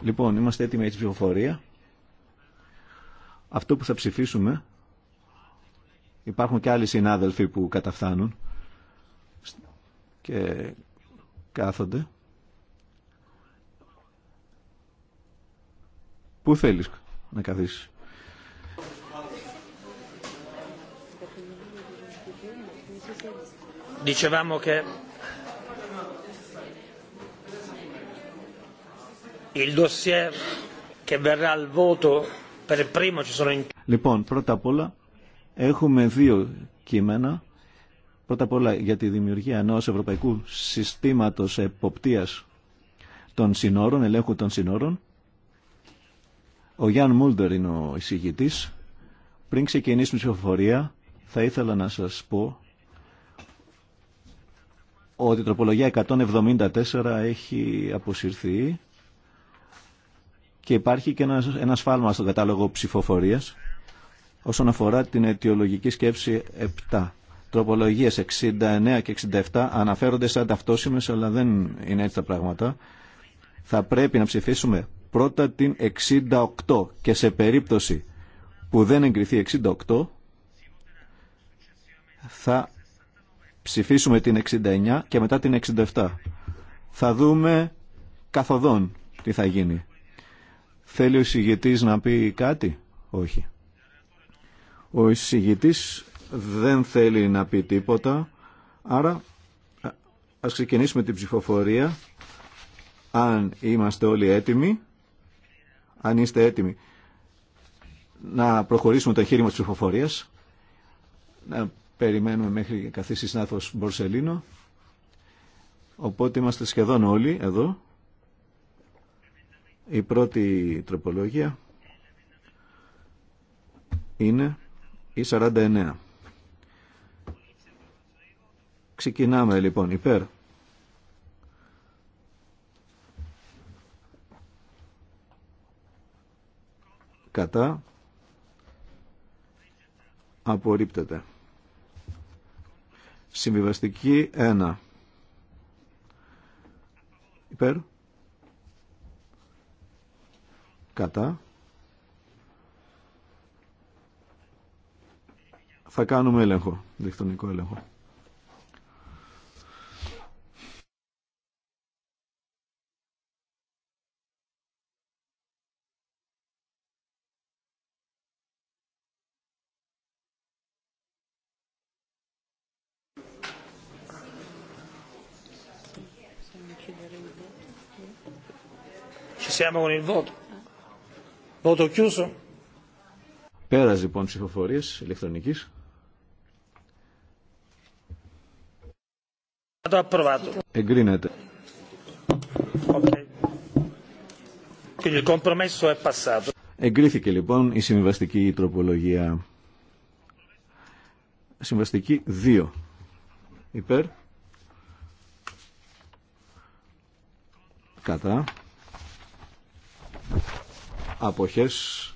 Λοιπόν, είμαστε έτοιμοι για την ψηφοφορία. Αυτό που θα ψηφίσουμε, υπάρχουν και άλλοι συνάδελφοι που καταφθάνουν και κάθονται. Πού θέλεις να καθίσεις. Λοιπόν, πρώτα απ' όλα έχουμε δύο κείμενα. Πρώτα απ' όλα για τη δημιουργία ενός ευρωπαϊκού συστήματος εποπτείας των συνόρων, ελέγχου των συνόρων. Ο Γιάν Μούλτερ είναι ο εισηγητής. Πριν ξεκινήσουμε η ψηφοφορία, θα ήθελα να σας πω ότι η τροπολογία 174 έχει αποσυρθεί και υπάρχει και ένα, σφάλμα στο κατάλογο ψηφοφορίας όσον αφορά την αιτιολογική σκέψη 7. Τροπολογίες 69 και 67 αναφέρονται σαν ταυτόσιμες αλλά δεν είναι έτσι τα πράγματα. Θα πρέπει να ψηφίσουμε πρώτα την 68 και σε περίπτωση που δεν εγκριθεί 68 θα ψηφίσουμε την 69 και μετά την 67. Θα δούμε καθοδόν τι θα γίνει. Θέλει ο εισηγητής να πει κάτι? Όχι. Ο εισηγητής δεν θέλει να πει τίποτα, άρα ας ξεκινήσουμε την ψηφοφορία. Αν είμαστε όλοι έτοιμοι, αν είστε έτοιμοι, να προχωρήσουμε το εγχείρημα της ψηφοφορίας, να Περιμένουμε μέχρι καθίσει συνάδελφος Μπορσελίνο. Οπότε είμαστε σχεδόν όλοι εδώ. Η πρώτη τροπολογία είναι η 49. Ξεκινάμε λοιπόν υπέρ. Κατά. Απορρίπτεται. Συμβιβαστική 1. Υπέρ. Κατά. Θα κάνουμε έλεγχο, διεκτονικό έλεγχο. Λοιπόν, Iniziamo con il voto. Voto Πέρας λοιπόν ψηφοφορίας ηλεκτρονικής. Εγκρίνεται. Okay. Εγκρίθηκε λοιπόν η συμβαστική τροπολογία. Συμβαστική 2. Υπέρ. Κατά αποχές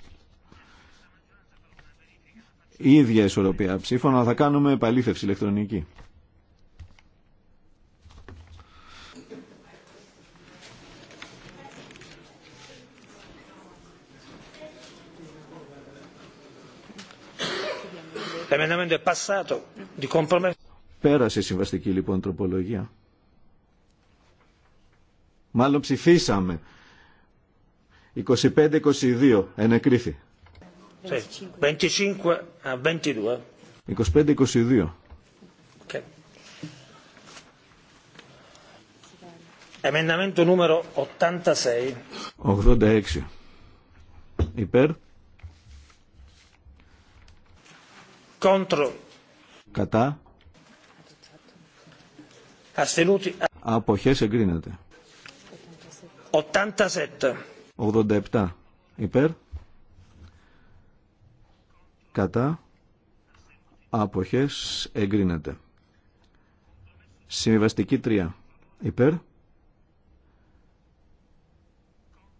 η ίδια ισορροπία ψήφων, αλλά θα κάνουμε επαλήθευση ηλεκτρονική. Πέρασε η συμβαστική λοιπόν τροπολογία. Μάλλον ψηφίσαμε 25-22 ενεκρίθη. 25-22. Εμενταμέντο νούμερο 86. 86. Υπέρ. Κόντρο. Κατά. Αστενούτη. Αποχές εγκρίνεται. 87. 87 υπέρ κατά άποχες εγκρίνεται. Συμβιβαστική 3 υπέρ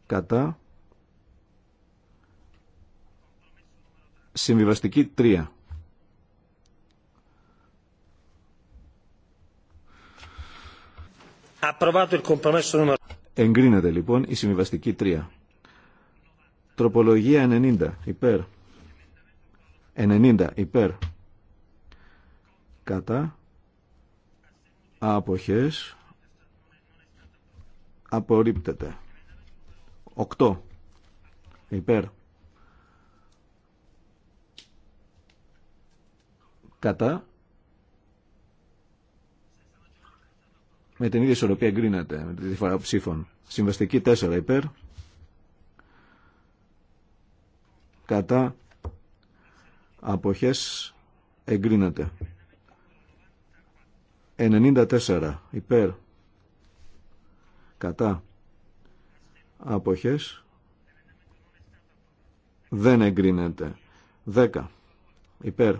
κατά συμβιβαστική 3 Approvato il compromesso numero Εγκρίνεται λοιπόν η συμβιβαστική 3. Τροπολογία 90 υπέρ. 90 υπέρ. Κατά. Αποχές. Απορρίπτεται. 8 υπέρ. Κατά. με την ίδια ισορροπία εγκρίνεται με τη διαφορά ψήφων. Συμβαστική 4 υπέρ. Κατά αποχές εγκρίνεται. 94 υπέρ. Κατά αποχές δεν εγκρίνεται. 10 υπέρ.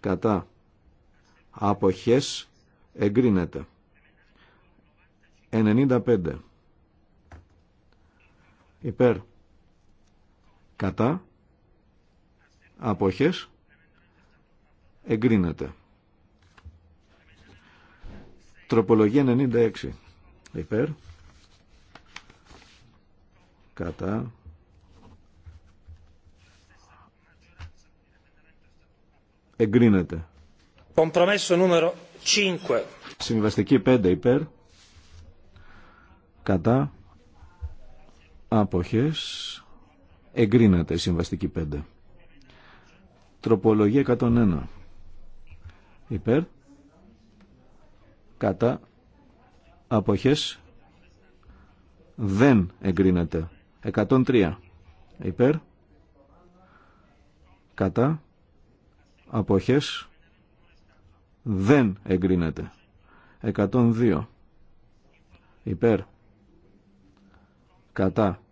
Κατά αποχές εγκρίνεται. 95 υπέρ κατά αποχές εγκρίνεται. Τροπολογία 96 υπέρ κατά εγκρίνεται. Κομπρομέσο νούμερο Συμβαστική 5 υπέρ. Κατά. Άποχες. Εγκρίνεται η συμβαστική 5. Τροπολογία 101. Υπέρ. Κατά. Αποχές. Δεν εγκρίνεται. 103. Υπέρ. Κατά. Αποχές δεν εγκρίνεται. 102 υπέρ κατά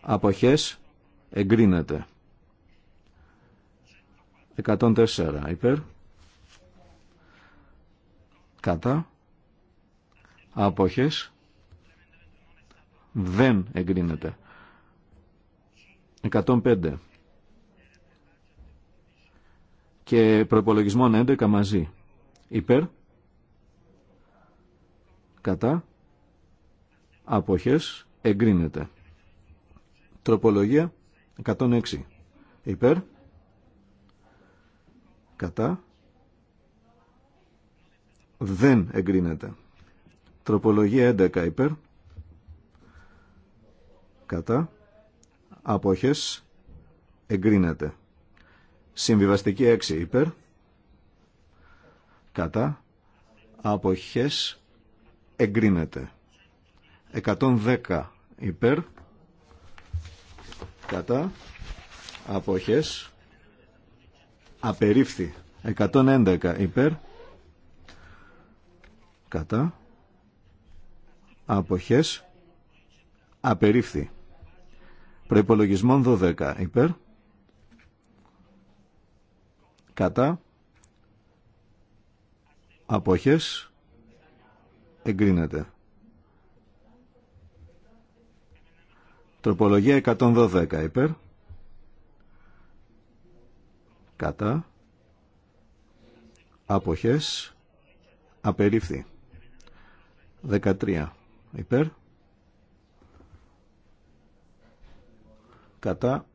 αποχές εγκρίνεται. 104 υπέρ κατά αποχές δεν εγκρίνεται. 105 και προπολογισμών 11 μαζί. Υπέρ. Κατά. Αποχές. Εγκρίνεται. Τροπολογία 106. Υπέρ. Κατά. Δεν εγκρίνεται. Τροπολογία 11 υπέρ. Κατά. Αποχές εγκρίνεται. Συμβιβαστική 6 υπέρ. Κατά. Αποχές εγκρίνεται. 110 υπέρ. Κατά. Αποχές απερίφθη. 111 υπέρ. Κατά. Αποχές απερίφθη. Προϋπολογισμόν 12 υπέρ κατά αποχές εγκρίνεται. Τροπολογία 112 υπέρ κατά αποχές απερίφθη. 13 υπέρ κατά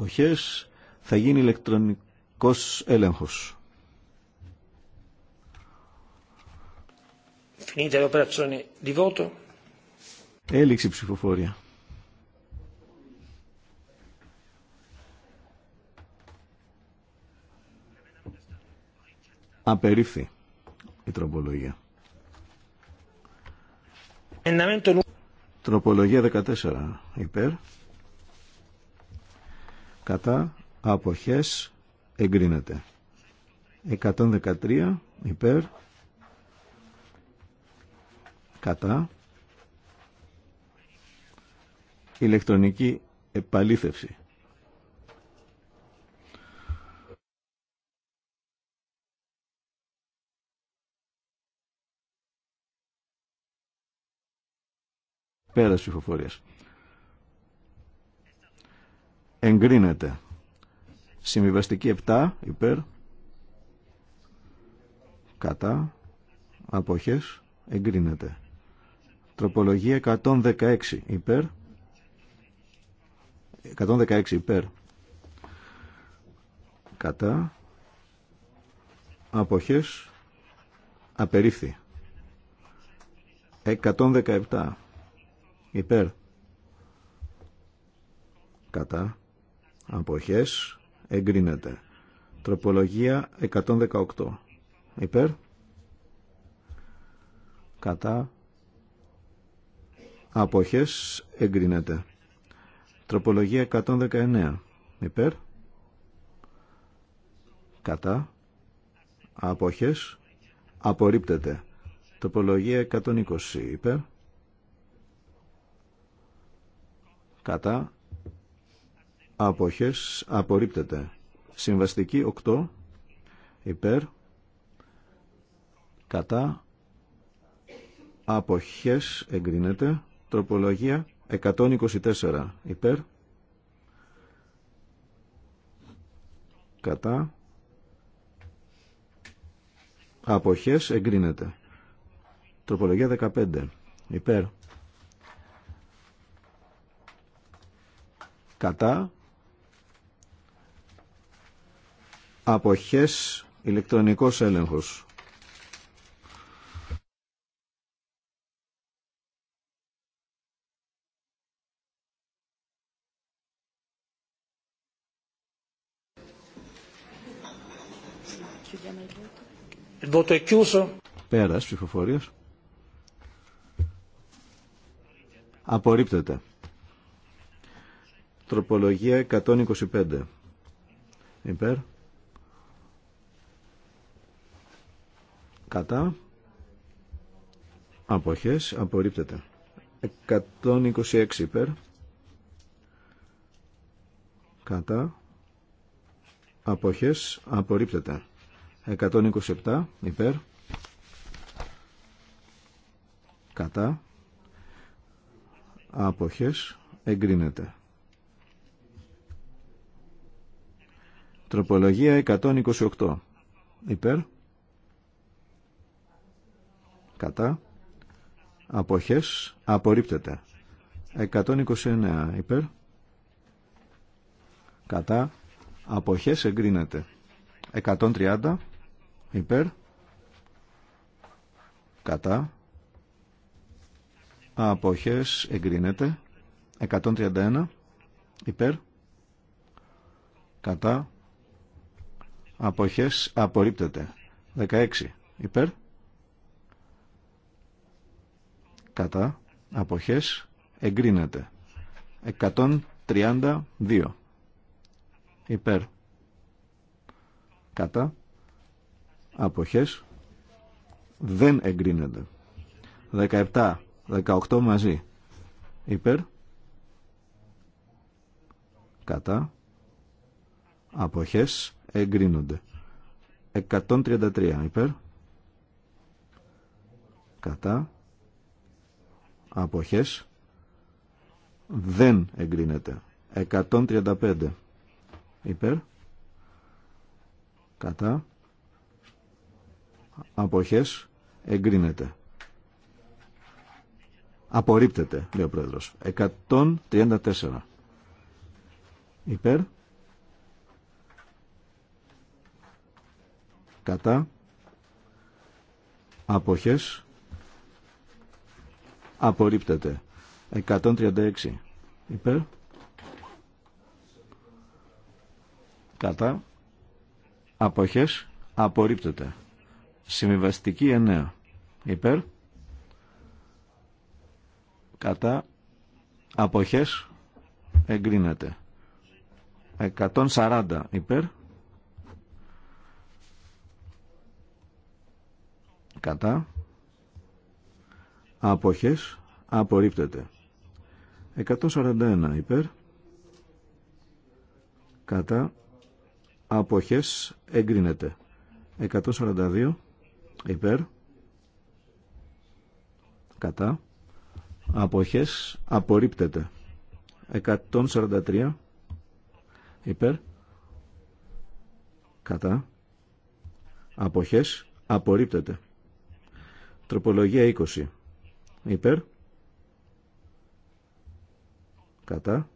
αποχές θα γίνει ηλεκτρονικός έλεγχος. Έληξη ψηφοφόρια. Απερίφθη η τροπολογία. Τροπολογία 14 υπέρ κατά αποχές εγκρίνεται 113 υπέρ κατά ηλεκτρονική επαλήθευση πέρας ψηφοφορίας εγκρίνεται. Συμβιβαστική 7 υπέρ κατά αποχές εγκρίνεται. Τροπολογία 116 υπέρ 116 υπέρ κατά αποχές απερίφθη 117 υπέρ κατά αποχές εγκρίνεται. Τροπολογία 118 υπέρ κατά αποχές εγκρίνεται. Τροπολογία 119 υπέρ κατά αποχές απορρίπτεται. Τροπολογία 120 υπέρ κατά αποχές απορρίπτεται. Συμβαστική 8 υπέρ κατά αποχές εγκρίνεται. Τροπολογία 124 υπέρ κατά αποχές εγκρίνεται. Τροπολογία 15 υπέρ κατά αποχές ηλεκτρονικός έλεγχος. Πέρας ψηφοφορίας. Απορρίπτεται. Τροπολογία 125. Υπέρ. κατά αποχές απορρίπτεται 126 υπέρ κατά αποχές απορρίπτεται 127 υπέρ κατά άποχες εγκρίνεται τροπολογία 128 υπέρ κατά αποχές απορρίπτεται 129 υπέρ κατά αποχές εγκρίνεται 130 υπέρ κατά αποχές εγκρίνεται 131 υπέρ κατά αποχές απορρίπτεται 16 υπέρ κατά αποχές εγκρίνεται 132 υπέρ κατά αποχές δεν εγκρίνεται 17 18 μαζί υπέρ κατά αποχές εγκρίνονται 133 υπέρ κατά αποχές δεν εγκρίνεται 135 υπέρ κατά αποχές εγκρίνεται απορρίπτεται λέει ο πρόεδρος 134 υπέρ κατά αποχές απορρίπτεται 136 υπέρ κατά αποχές απορρίπτεται συμβιβαστική 9 υπέρ κατά αποχές εγκρίνεται 140 υπέρ κατά Αποχές. Απορρίπτεται. 141 υπέρ. Κατά. Αποχές. Εγκρίνεται. 142 υπέρ. Κατά. Αποχές. Απορρίπτεται. 143 υπέρ. Κατά. Αποχές. Απορρίπτεται. Τροπολογία 20 υπέρ κατά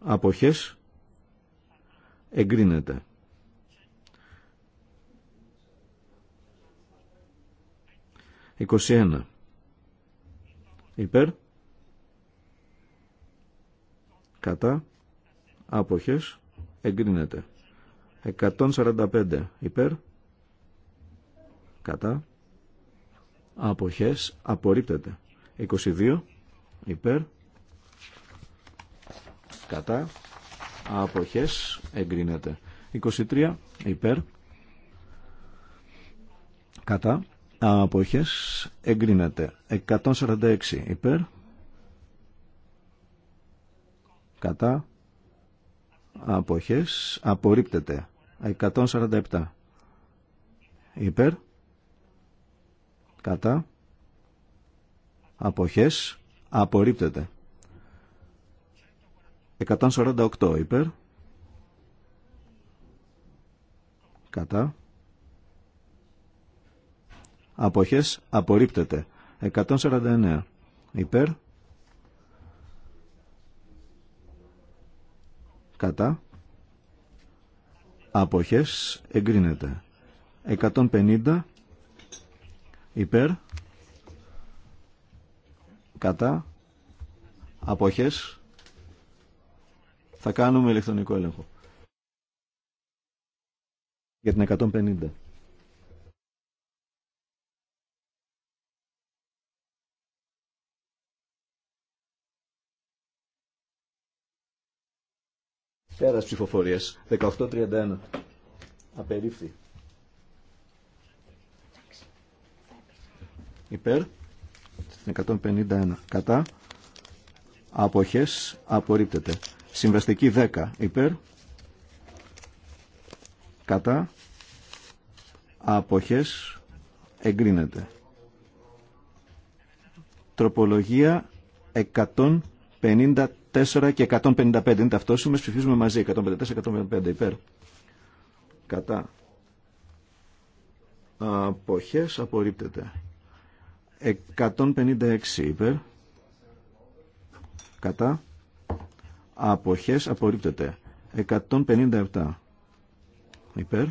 αποχές εγκρίνεται. 21 Υπέρ. Κατά. Άποχες. Εγκρίνεται. 145. Υπέρ κατά αποχές απορρίπτεται 22 υπέρ κατά αποχές εγκρίνεται 23 υπέρ κατά αποχές εγκρίνεται 146 υπέρ κατά αποχές απορρίπτεται 147 υπέρ κατά αποχές απορρίπτεται 148 υπέρ κατά αποχές απορρίπτεται 149 υπέρ κατά αποχές εγκρίνεται 150 υπέρ κατά αποχές θα κάνουμε ηλεκτρονικό έλεγχο για την 150 Πέρας ψηφοφορίας 1831 απερίφθη υπέρ, 151 κατά, αποχές, απορρίπτεται. Συμβαστική 10 υπέρ, κατά, αποχές, εγκρίνεται. Τροπολογία 154 και 155 είναι ταυτόσιμες, ψηφίζουμε μαζί, 154-155 υπέρ. Κατά. Αποχές απορρίπτεται. 156 υπέρ κατά αποχές απορρίπτεται 157 υπέρ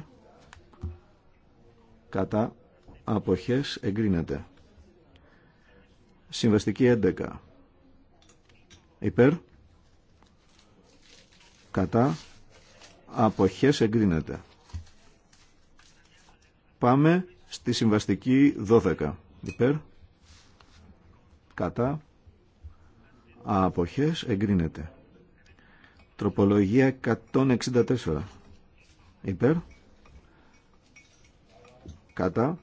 κατά αποχές εγκρίνεται συμβαστική 11 υπέρ κατά αποχές εγκρίνεται πάμε στη συμβαστική 12 υπέρ κατά αποχές εγκρίνεται. Τροπολογία 164 υπέρ κατά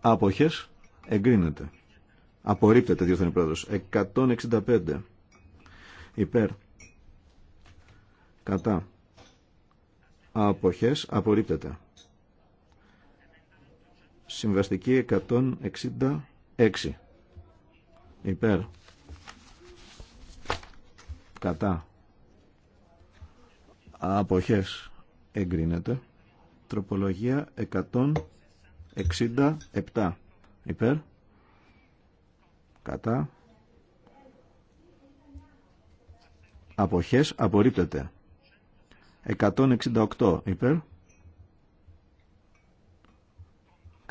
αποχές εγκρίνεται. Απορρίπτεται διότι πρόεδρος. 165 υπέρ κατά αποχές απορρίπτεται. Συμβαστική 166. Υπέρ. Κατά. Αποχές. Εγκρίνεται. Τροπολογία 167. Υπέρ. Κατά. Αποχές. Απορρίπτεται. 168. Υπέρ.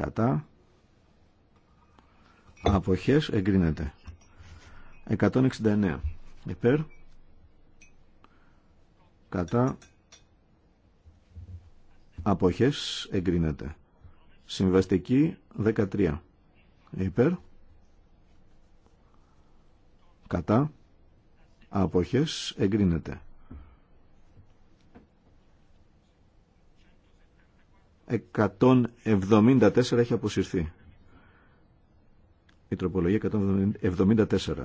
κατά αποχές εγκρίνεται 169 υπέρ κατά αποχές εγκρίνεται συμβαστική 13 υπέρ κατά αποχές εγκρίνεται 174 έχει αποσυρθεί. Η τροπολογία 174.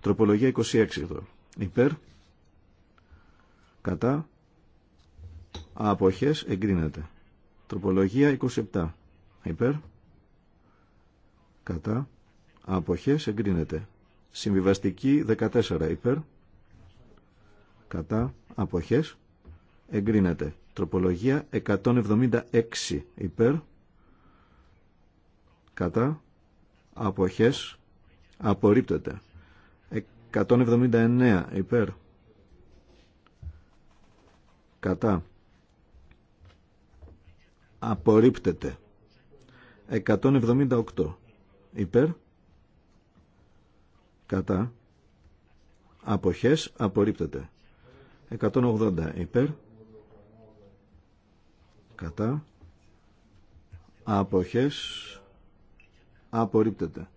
Τροπολογία 26 εδώ. Υπέρ. Κατά. Αποχές εγκρίνεται. Τροπολογία 27. Υπέρ. Κατά. Αποχές εγκρίνεται. Συμβιβαστική 14. Υπέρ. Κατά. Αποχές εγκρίνεται. Τροπολογία 176 υπέρ κατά αποχές απορρίπτεται. 179 υπέρ κατά απορρίπτεται. 178 υπέρ κατά αποχές απορρίπτεται. 180 υπέρ κατά αποχές απορρίπτεται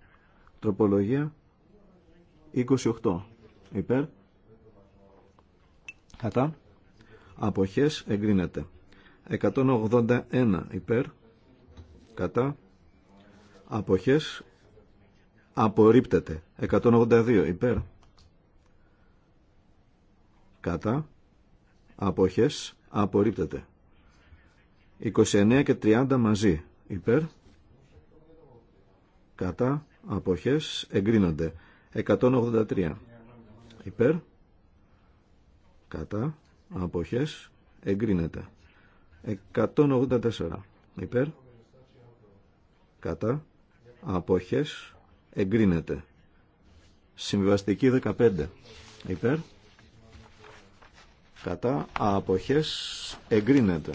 τροπολογία 28 υπέρ κατά αποχές εγκρίνεται 181 υπέρ κατά αποχές απορρίπτεται 182 υπέρ κατά αποχές απορρίπτεται 29 και 30 μαζί. Υπέρ. Κατά. Αποχές. Εγκρίνονται. 183. Υπέρ. Κατά. Αποχές. Εγκρίνεται. 184. Υπέρ. Κατά. Αποχές. Εγκρίνεται. Συμβιβαστική 15. Υπέρ. Κατά. Αποχές. Εγκρίνεται.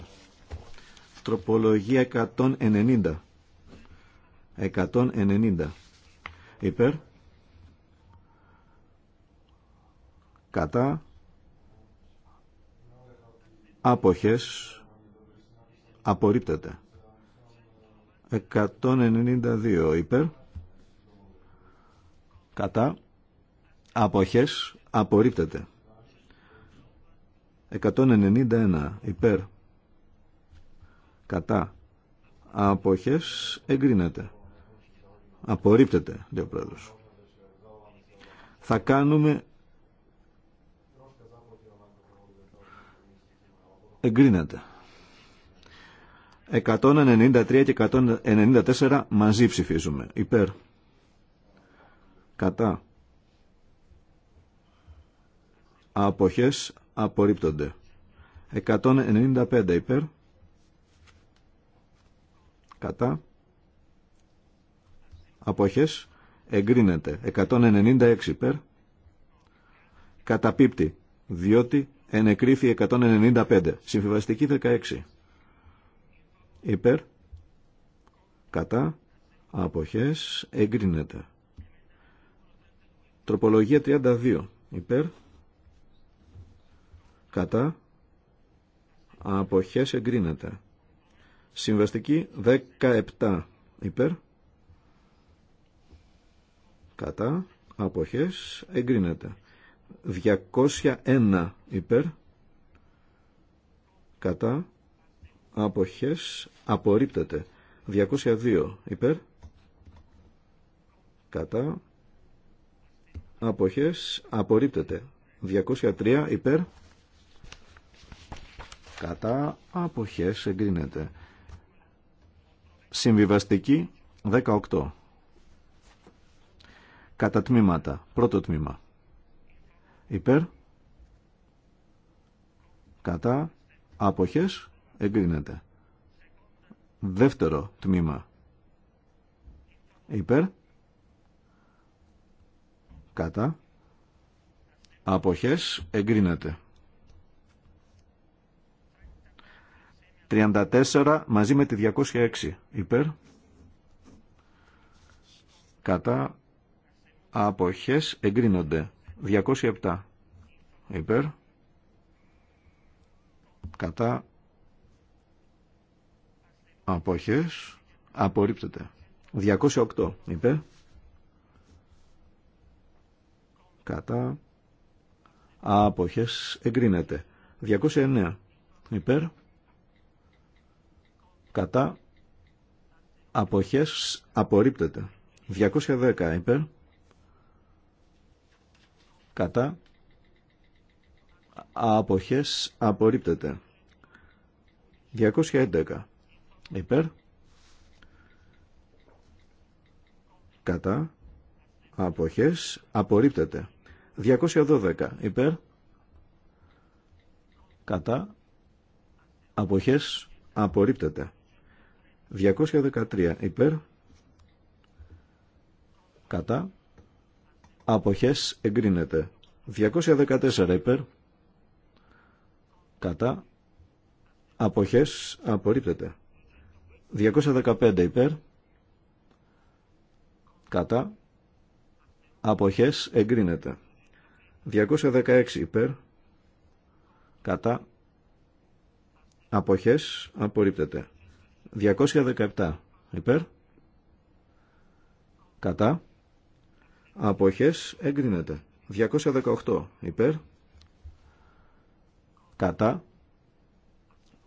Τροπολογία 190. 190. Υπέρ. Κατά. Άποχες. Απορρίπτεται. 192 υπέρ. Κατά. Αποχές. Απορρίπτεται. 191 υπέρ κατά αποχές εγκρίνεται. Απορρίπτεται, λέει ο Θα κάνουμε... Εγκρίνεται. 193 και 194 μαζί ψηφίζουμε. Υπέρ. Κατά. Αποχές απορρίπτονται. 195 υπέρ κατά αποχές εγκρίνεται 196 υπέρ καταπίπτει διότι ενεκρίθη 195 συμφιβαστική 16 υπέρ κατά αποχές εγκρίνεται τροπολογία 32 υπέρ κατά αποχές εγκρίνεται Συμβαστική 17 υπέρ. Κατά. Αποχές. Εγκρίνεται. 201 υπέρ. Κατά. Αποχές. Απορρίπτεται. 202 υπέρ. Κατά. Αποχές. Απορρίπτεται. 203 υπέρ. Κατά. Αποχές. Εγκρίνεται. Συμβιβαστική 18. Κατά τμήματα. Πρώτο τμήμα. Υπέρ. Κατά. Άποχες. Εγκρίνεται. Δεύτερο τμήμα. Υπέρ. Κατά. Άποχες. Εγκρίνεται. 34 μαζί με τη 206 υπέρ κατά αποχές εγκρίνονται 207 υπέρ κατά αποχές απορρίπτεται 208 υπέρ κατά αποχές εγκρίνεται 209 υπέρ κατά αποχές απορρίπτεται 210 υπέρ κατά αποχές απορρίπτεται 211 υπέρ κατά αποχές απορρίπτεται 212 υπέρ κατά αποχές απορρίπτεται 213 υπέρ κατά αποχές εγκρίνεται 214 υπέρ κατά αποχές απορρίπτεται 215 υπέρ κατά αποχές εγκρίνεται 216 υπέρ κατά αποχές απορρίπτεται 217 υπέρ κατά αποχές εγκρίνεται 218 υπέρ κατά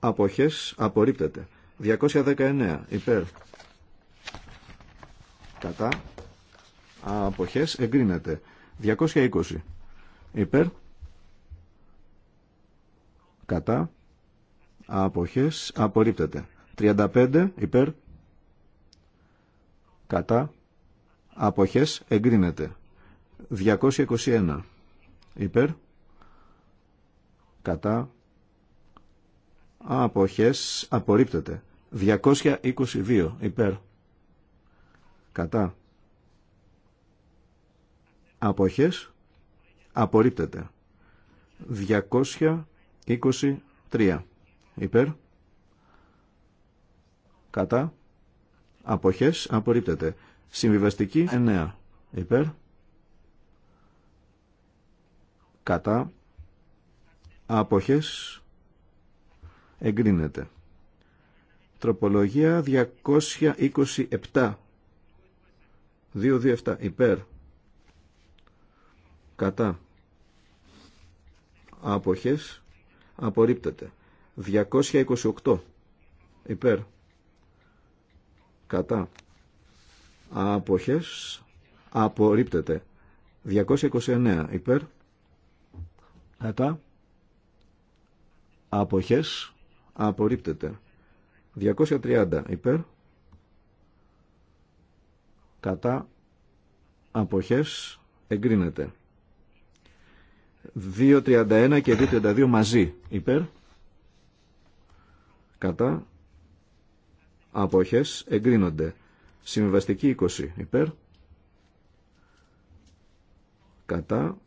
αποχές απορρίπτεται 219 υπέρ κατά αποχές εγκρίνεται 220 υπέρ κατά αποχές απορρίπτεται 35 υπέρ κατά αποχές εγκρίνεται 221 υπέρ κατά αποχές απορρίπτεται 222 υπέρ κατά αποχές απορρίπτεται 223 υπέρ κατά, αποχές, απορρίπτεται. Συμβιβαστική 9 υπέρ, κατά, άποχες, εγκρίνεται. Τροπολογία 227, 227 υπέρ, κατά, άποχες, απορρίπτεται. 228 υπέρ, κατά αποχές απορρίπτεται 229 υπέρ κατά αποχές απορρίπτεται 230 υπέρ κατά αποχές εγκρίνεται 231 και 232 μαζί υπέρ κατά Αποχές εγκρίνονται. Συμβιβαστική 20 υπέρ. Κατά.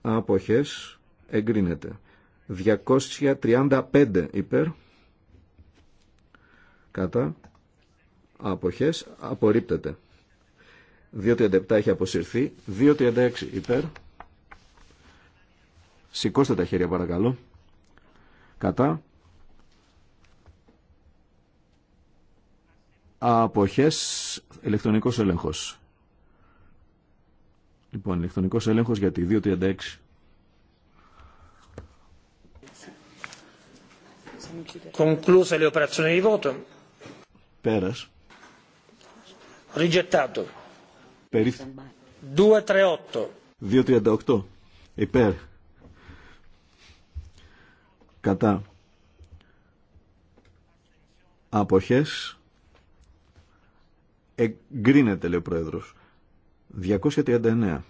Αποχές εγκρίνεται. 235 υπέρ. Κατά. Αποχές απορρίπτεται. 2.37 έχει αποσυρθεί. 2.36 υπέρ. Σηκώστε τα χέρια παρακαλώ. Κατά. Αποχές, ηλεκτρονικός έλεγχος. Λοιπόν, ηλεκτρονικός έλεγχος για τη 236. Concluse le operazioni di voto. Πέρας. Rigettato. Περίφ... 238. 238. Υπέρ. Κατά. Αποχές Εγκρίνεται, λέει ο Πρόεδρος. 239.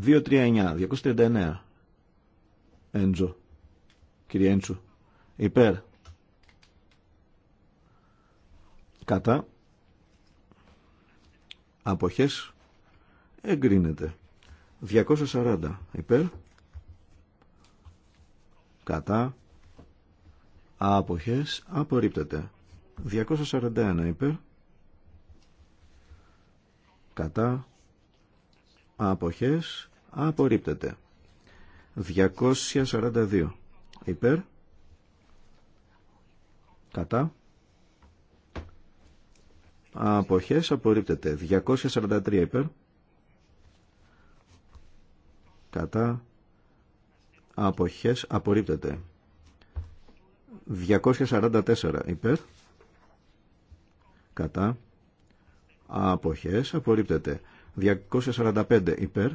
239. 239. Έντζο. Κύριε Έντσου. Υπέρ. Κατά. Αποχές. Εγκρίνεται. 240. Υπέρ. Κατά. Άποχες απορρίπτεται. 241 υπέρ. Κατά. Άποχες απορρίπτεται. 242 υπέρ. Κατά. Αποχές απορρίπτεται. 243 υπέρ. Κατά. Αποχές απορρίπτεται. 244 υπέρ κατά αποχές απορρίπτεται 245 υπέρ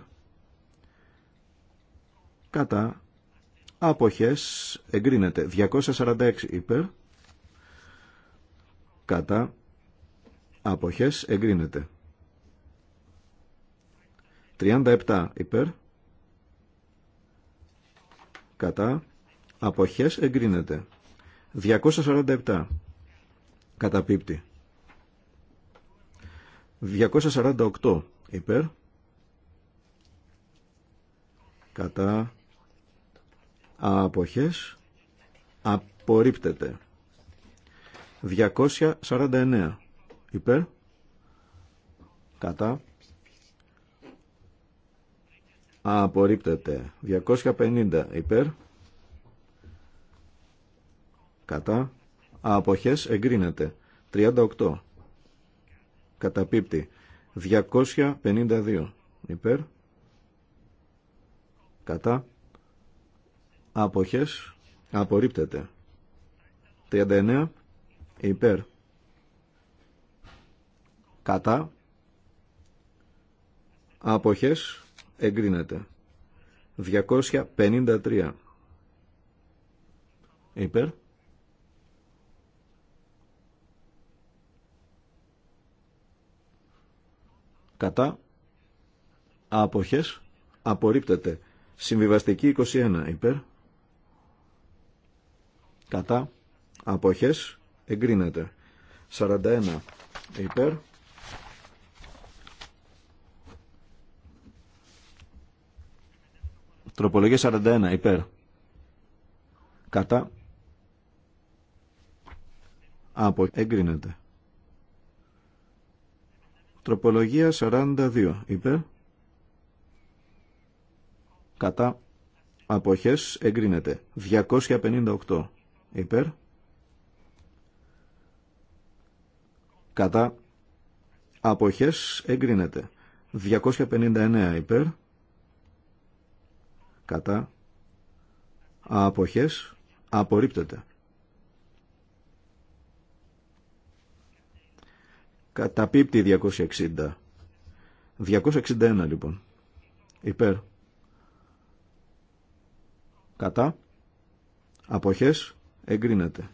κατά αποχές εγκρίνεται 246 υπέρ κατά αποχές εγκρίνεται 37 υπέρ κατά αποχές εγκρίνεται 247 καταπίπτει. 248 υπέρ. Κατά αποχές απορρίπτεται. 249 υπέρ. Κατά απορρίπτεται. 250 υπέρ κατά αποχές εγκρίνεται 38 καταπίπτει 252 υπέρ κατά αποχές απορρίπτεται 39 υπέρ κατά αποχές εγκρίνεται 253 υπέρ κατά άποχες απορρίπτεται συμβιβαστική 21 υπέρ κατά αποχές εγκρίνεται 41 υπέρ τροπολογία 41 υπέρ κατά από εγκρίνεται Τροπολογία 42 υπέρ. Κατά αποχές εγκρίνεται. 258 υπέρ. Κατά αποχές εγκρίνεται. 259 υπέρ. Κατά αποχές απορρίπτεται. Καταπίπτει 260. 261 λοιπόν. Υπέρ. Κατά. Αποχές. Εγκρίνεται.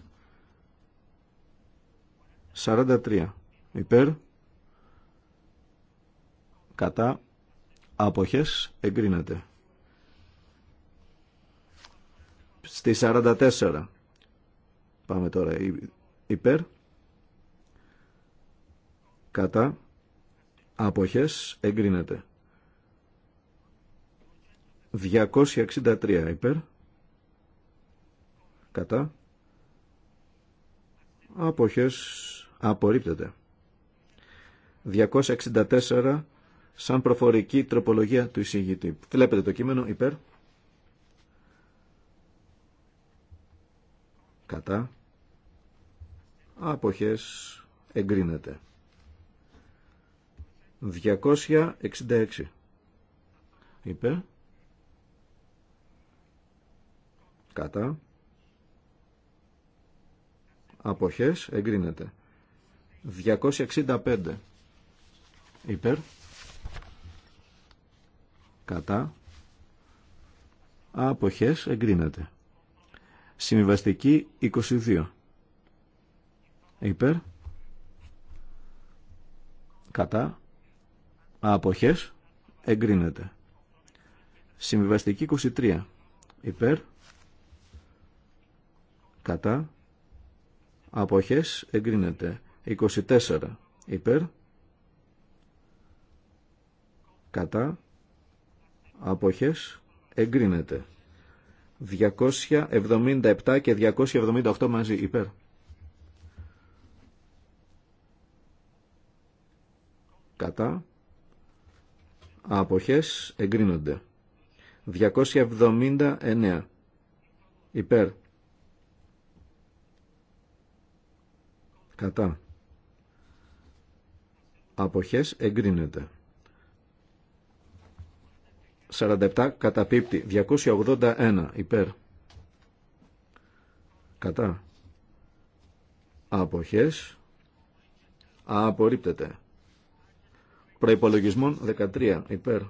43. Υπέρ. Κατά. Αποχές. Εγκρίνεται. Στη 44. Πάμε τώρα. Υπέρ κατά αποχές εγκρίνεται 263 υπέρ κατά αποχές απορρίπτεται 264 σαν προφορική τροπολογία του εισηγητή. Βλέπετε το κείμενο υπέρ. Κατά. Αποχές εγκρίνεται. 266 υπέρ κατά αποχές εγκρίνεται 265 υπέρ κατά αποχές εγκρίνεται συμβιβαστική 22 υπέρ κατά Αποχές. Εγκρίνεται. Συμβιβαστική 23. Υπέρ. Κατά. Αποχές. Εγκρίνεται. 24. Υπέρ. Κατά. Αποχές. Εγκρίνεται. 277 και 278 μαζί. Υπέρ. Κατά Αποχές εγκρίνονται. 279 υπέρ. Κατά. Αποχές εγκρίνεται. 47 καταπίπτει. 281 υπέρ. Κατά. Αποχές απορρίπτεται. Προϋπολογισμών 13 υπέρ.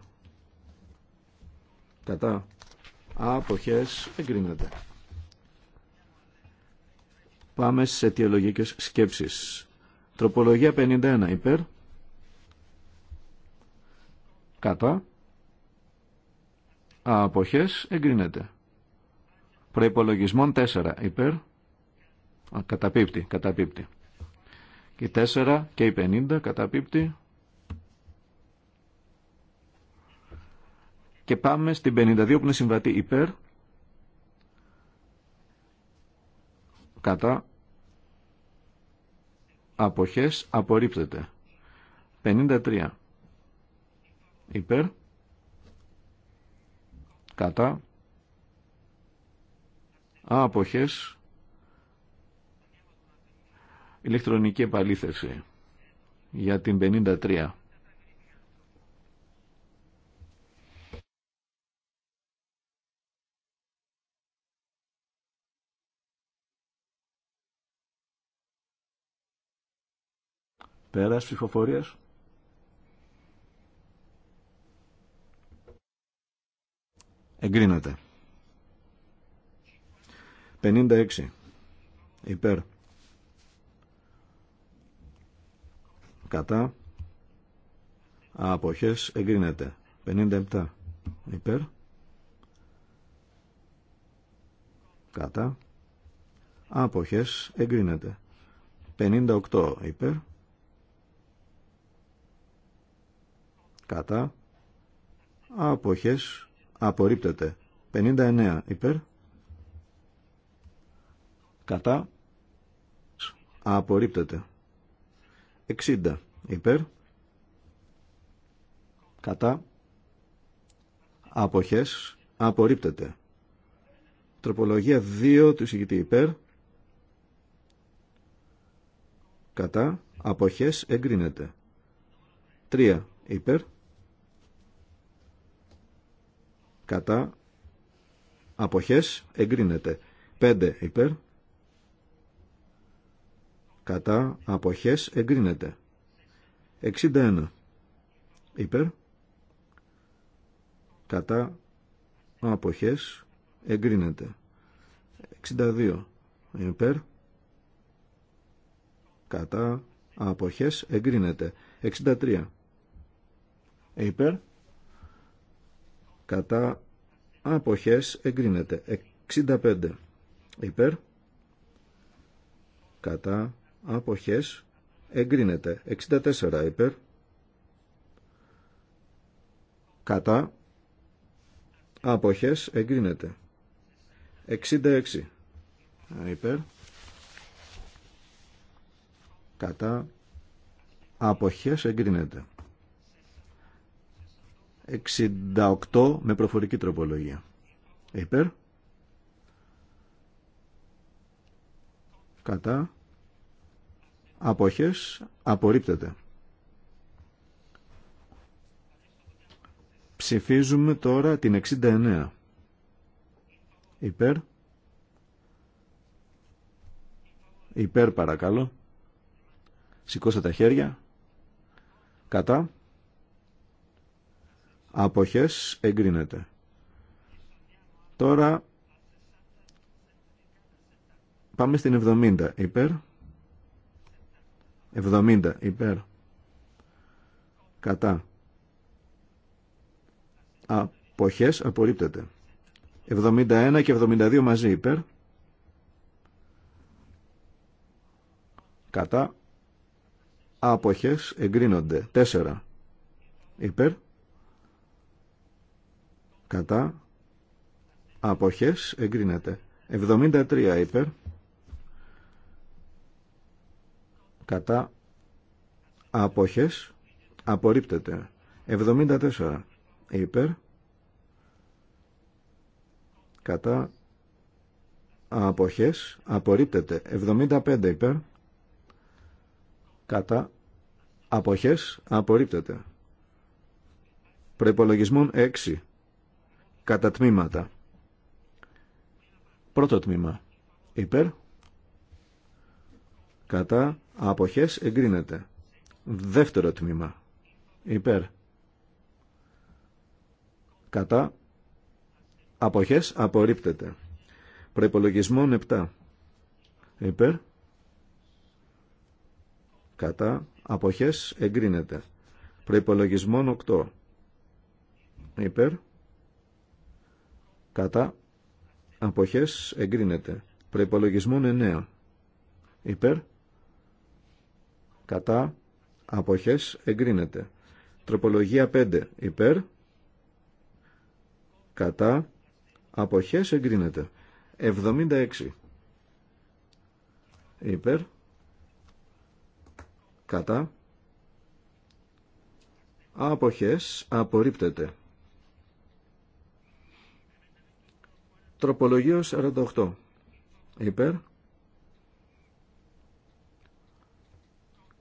Κατά. Αποχές εγκρίνεται. Πάμε στις αιτιολογικές σκέψεις. Τροπολογία 51 υπέρ. Κατά. Αποχές εγκρίνεται. Προϋπολογισμών 4 υπέρ. καταπίπτει, καταπίπτει. Και 4 και 50 καταπίπτει. Και πάμε στην 52 που είναι συμβατή υπέρ. Κατά. Αποχές απορρίπτεται. 53. Υπέρ. Κατά. Αποχές. Ηλεκτρονική επαλήθευση για την 53. Πέρας ψηφοφορίας. Εγκρίνεται. 56. Υπέρ. Κατά. Αποχές εγκρίνεται. 57. Υπέρ. Κατά. Άποχες εγκρίνεται. 58 υπέρ. κατά αποχές απορρίπτεται 59 υπέρ κατά απορρίπτεται 60 υπέρ κατά αποχές απορρίπτεται τροπολογία 2 του συγκητή υπέρ κατά αποχές εγκρίνεται 3 υπέρ κατά αποχές εγκρίνεται 5 υπέρ κατά αποχές εγκρίνεται 61 υπέρ κατά αποχές εγκρίνεται 62 υπέρ κατά αποχές εγκρίνεται 63 υπέρ κατά αποχές εγκρίνεται 65 υπέρ κατά αποχές εγκρίνεται 64 υπέρ κατά αποχές εγκρίνεται 66 υπέρ κατά αποχές εγκρίνεται 68 με προφορική τροπολογία. Υπέρ. Κατά. Απόχες. Απορρίπτεται. Ψηφίζουμε τώρα την 69. Υπέρ. Υπέρ παρακαλώ. Σηκώστε τα χέρια. Κατά. Αποχές εγκρίνεται. Τώρα πάμε στην 70 υπέρ. 70 υπέρ. Κατά. Αποχές απορρίπτεται. 71 και 72 μαζί υπέρ. Κατά. Άποχες εγκρίνονται. 4 υπέρ κατά αποχές εγκρίνεται 73 υπέρ κατά αποχές απορρίπτεται 74 υπέρ κατά αποχές απορρίπτεται 75 υπέρ κατά αποχές απορρίπτεται Προπολογισμών 6 κατά τμήματα. Πρώτο τμήμα υπέρ, κατά αποχές εγκρίνεται. Δεύτερο τμήμα υπέρ, κατά αποχές απορρίπτεται. προϋπολογισμόν 7 υπέρ, κατά αποχές εγκρίνεται. προϋπολογισμόν 8 υπέρ, Κατά. Αποχές εγκρίνεται. Προϋπολογισμόν 9. Υπέρ. Κατά. Αποχές εγκρίνεται. Τροπολογία 5. Υπέρ. Κατά. Αποχές εγκρίνεται. 76. Υπέρ. Κατά. Αποχές απορρίπτεται. Τροπολογίος 48. Υπέρ.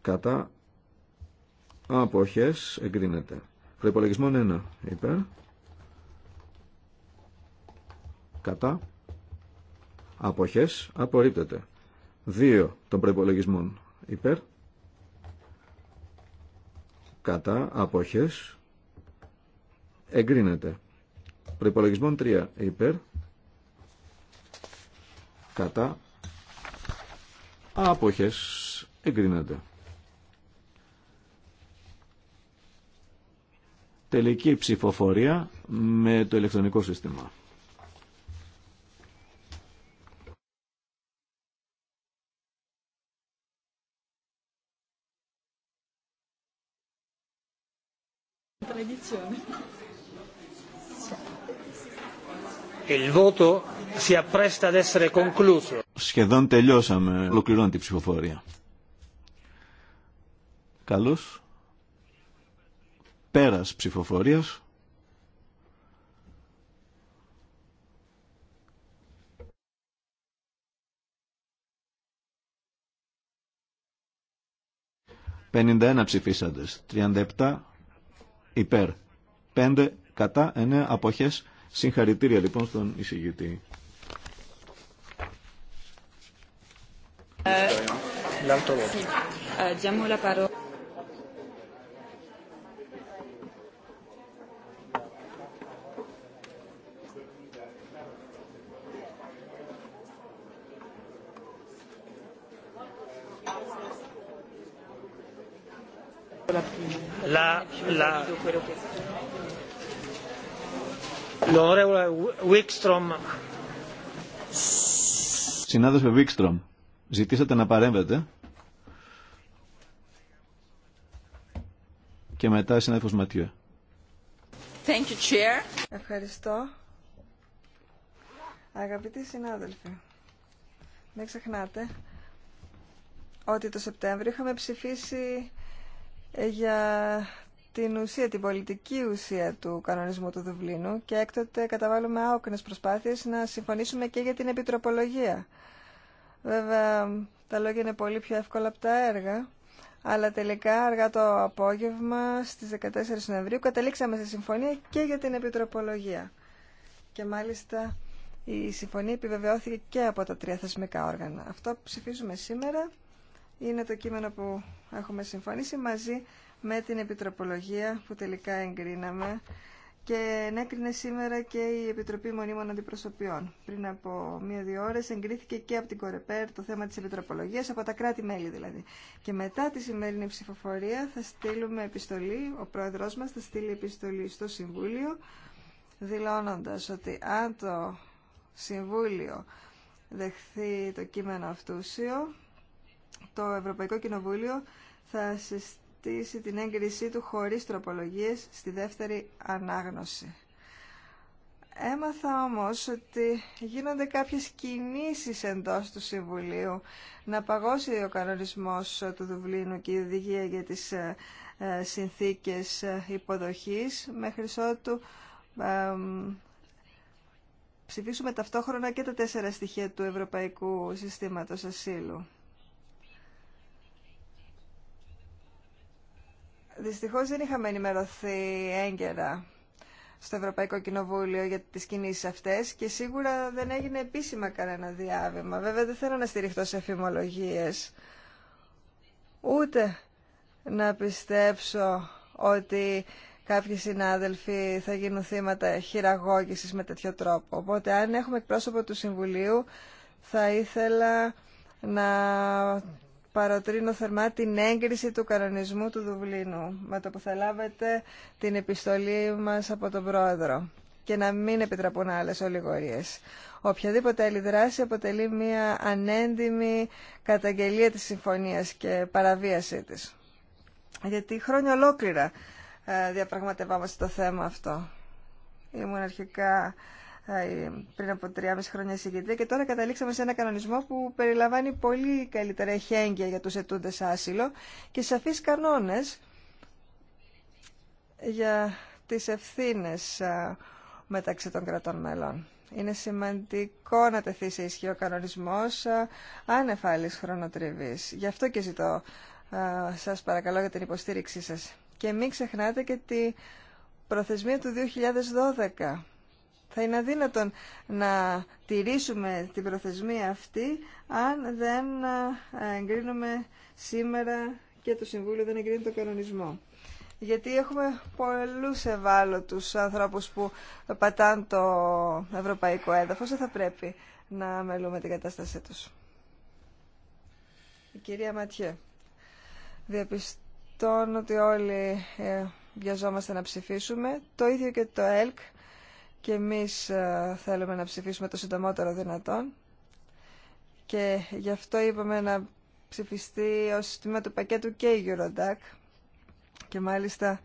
Κατά. Αποχές. Εγκρίνεται. Προϋπολογισμόν 1. Υπέρ. Κατά. Αποχές. Απορρίπτεται. 2 των προϋπολογισμών. Υπέρ. Κατά. Αποχές. Εγκρίνεται. Προϋπολογισμόν 3. Υπέρ κατά άποχες εγκρίνεται. Τελική ψηφοφορία με το ηλεκτρονικό σύστημα. Il voto si appresta ad essere concluso. Σχεδόν τελειώσαμε, ολοκληρώνει την ψηφοφορία. Καλώς. Πέρας ψηφοφορίας. «51 ψηφίσαντες, 37 υπέρ, 5 κατά, 9 αποχές». Συγχαρητήρια λοιπόν στον εισηγητή. voto. Diamo la parola. La, la, L'onorevole Wikstrom. Συνάδελφε Wikstrom, ζητήσατε να παρέμβετε. Και μετά η συνάδελφος Ματιέ. Ευχαριστώ. Αγαπητοί συνάδελφοι, μην ξεχνάτε ότι το Σεπτέμβριο είχαμε ψηφίσει ε, για την ουσία, την πολιτική ουσία του κανονισμού του Δουβλίνου και έκτοτε καταβάλουμε άοκνες προσπάθειες να συμφωνήσουμε και για την επιτροπολογία. Βέβαια, τα λόγια είναι πολύ πιο εύκολα από τα έργα, αλλά τελικά αργά το απόγευμα στις 14 Νοεμβρίου καταλήξαμε σε συμφωνία και για την επιτροπολογία. Και μάλιστα η συμφωνία επιβεβαιώθηκε και από τα τρία θεσμικά όργανα. Αυτό που ψηφίζουμε σήμερα είναι το κείμενο που έχουμε συμφωνήσει μαζί με την επιτροπολογία που τελικά εγκρίναμε και ενέκρινε σήμερα και η Επιτροπή Μονίμων Αντιπροσωπιών. Πριν από μία-δύο ώρες εγκρίθηκε και από την Κορεπέρ το θέμα της επιτροπολογία, από τα κράτη-μέλη δηλαδή. Και μετά τη σημερινή ψηφοφορία θα στείλουμε επιστολή, ο πρόεδρο μας θα στείλει επιστολή στο Συμβούλιο, δηλώνοντας ότι αν το Συμβούλιο δεχθεί το κείμενο αυτούσιο, το Ευρωπαϊκό Κοινοβούλιο θα συστήσει την έγκρισή του χωρίς τροπολογίες στη δεύτερη ανάγνωση. Έμαθα όμως ότι γίνονται κάποιες κινήσεις εντός του Συμβουλίου να παγώσει ο κανονισμός του Δουβλίνου και η οδηγία για τις ε, ε, συνθήκες ε, υποδοχής μέχρι ότου ψηφίσουμε ταυτόχρονα και τα τέσσερα στοιχεία του Ευρωπαϊκού Συστήματος Ασύλου. Δυστυχώς δεν είχαμε ενημερωθεί έγκαιρα στο Ευρωπαϊκό Κοινοβούλιο για τις κινήσεις αυτές και σίγουρα δεν έγινε επίσημα κανένα διάβημα. Βέβαια δεν θέλω να στηριχτώ σε εφημολογίες, ούτε να πιστέψω ότι κάποιοι συνάδελφοι θα γίνουν θύματα χειραγώγησης με τέτοιο τρόπο. Οπότε αν έχουμε εκπρόσωπο του Συμβουλίου θα ήθελα να παροτρύνω θερμά την έγκριση του κανονισμού του Δουβλίνου, με το που θα λάβετε την επιστολή μας από τον Πρόεδρο και να μην επιτραπούν άλλες ολιγορίες. Οποιαδήποτε άλλη δράση αποτελεί μια ανέντιμη καταγγελία της συμφωνίας και παραβίασή της. Γιατί χρόνια ολόκληρα ε, διαπραγματευόμαστε το θέμα αυτό. Ήμουν αρχικά πριν από 3,5 χρόνια συγκεντρία και τώρα καταλήξαμε σε ένα κανονισμό που περιλαμβάνει πολύ καλύτερα εχέγγυα για τους ετούντες άσυλο και σαφείς κανόνες για τις ευθύνες μεταξύ των κρατών μελών. Είναι σημαντικό να τεθεί σε ισχύ ο κανονισμός άνευ χρονοτριβής. Γι' αυτό και ζητώ σας παρακαλώ για την υποστήριξή σας. Και μην ξεχνάτε και τη προθεσμία του 2012 θα είναι αδύνατον να τηρήσουμε την προθεσμία αυτή αν δεν εγκρίνουμε σήμερα και το Συμβούλιο δεν εγκρίνει τον κανονισμό. Γιατί έχουμε πολλούς ευάλωτους ανθρώπους που πατάνε το ευρωπαϊκό έδαφος. Δεν θα πρέπει να μελούμε την κατάστασή τους. Η κυρία Ματιέ. Διαπιστώνω ότι όλοι ε, βιαζόμαστε να ψηφίσουμε. Το ίδιο και το ΕΛΚ και εμείς ε, θέλουμε να ψηφίσουμε το συντομότερο δυνατόν και γι' αυτό είπαμε να ψηφιστεί ως τμήμα του πακέτου και η Eurodac και μάλιστα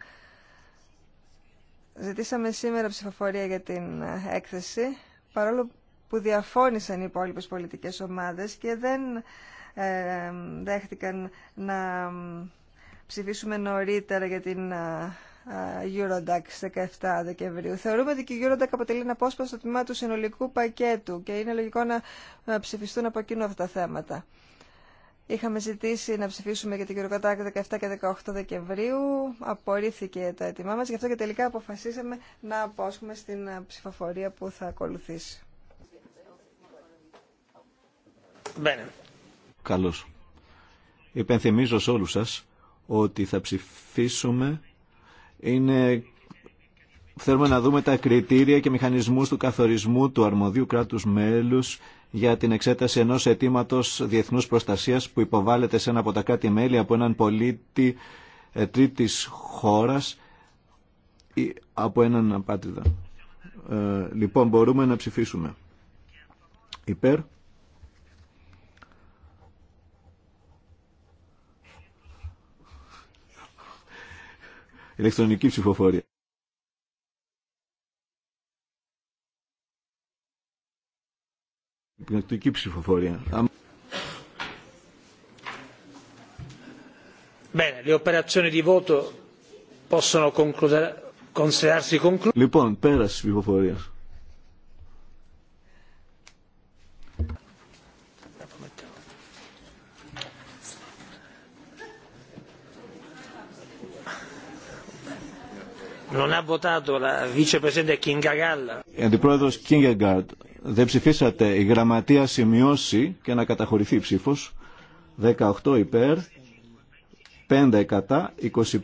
ζητήσαμε σήμερα ψηφοφορία για την ε, έκθεση παρόλο που διαφώνησαν οι υπόλοιπε πολιτικές ομάδες και δεν ε, δέχτηκαν να ψηφίσουμε νωρίτερα για την ε, Eurodac 17 Δεκεμβρίου. Θεωρούμε ότι και η Eurodac αποτελεί ένα απόσπαστο τμήμα του συνολικού πακέτου και είναι λογικό να ψηφιστούν από κοινού αυτά τα θέματα. Είχαμε ζητήσει να ψηφίσουμε για την Eurodac 17 και 18 Δεκεμβρίου. Απορρίφθηκε το έτοιμά μας, γι' αυτό και τελικά αποφασίσαμε να απόσχουμε στην ψηφοφορία που θα ακολουθήσει. Καλώς. Υπενθυμίζω σε όλους σας ότι θα ψηφίσουμε είναι θέλουμε να δούμε τα κριτήρια και μηχανισμούς του καθορισμού του αρμοδίου κράτους μέλους για την εξέταση ενός αιτήματο διεθνούς προστασίας που υποβάλλεται σε ένα από τα κάτι μέλη από έναν πολίτη ε, τρίτης χώρας ή από έναν Ε, λοιπόν, μπορούμε να ψηφίσουμε. Υπέρ. ηλεκτρονική ψηφοφορία. Ηλεκτρονική ψηφοφορία. Λοιπόν, πέραση ψηφοφορία. Non Αντιπρόεδρος δεν ψηφίσατε. Η γραμματεία σημειώσει και να καταχωρηθεί ψήφος. 18 υπέρ, 5 εκατά,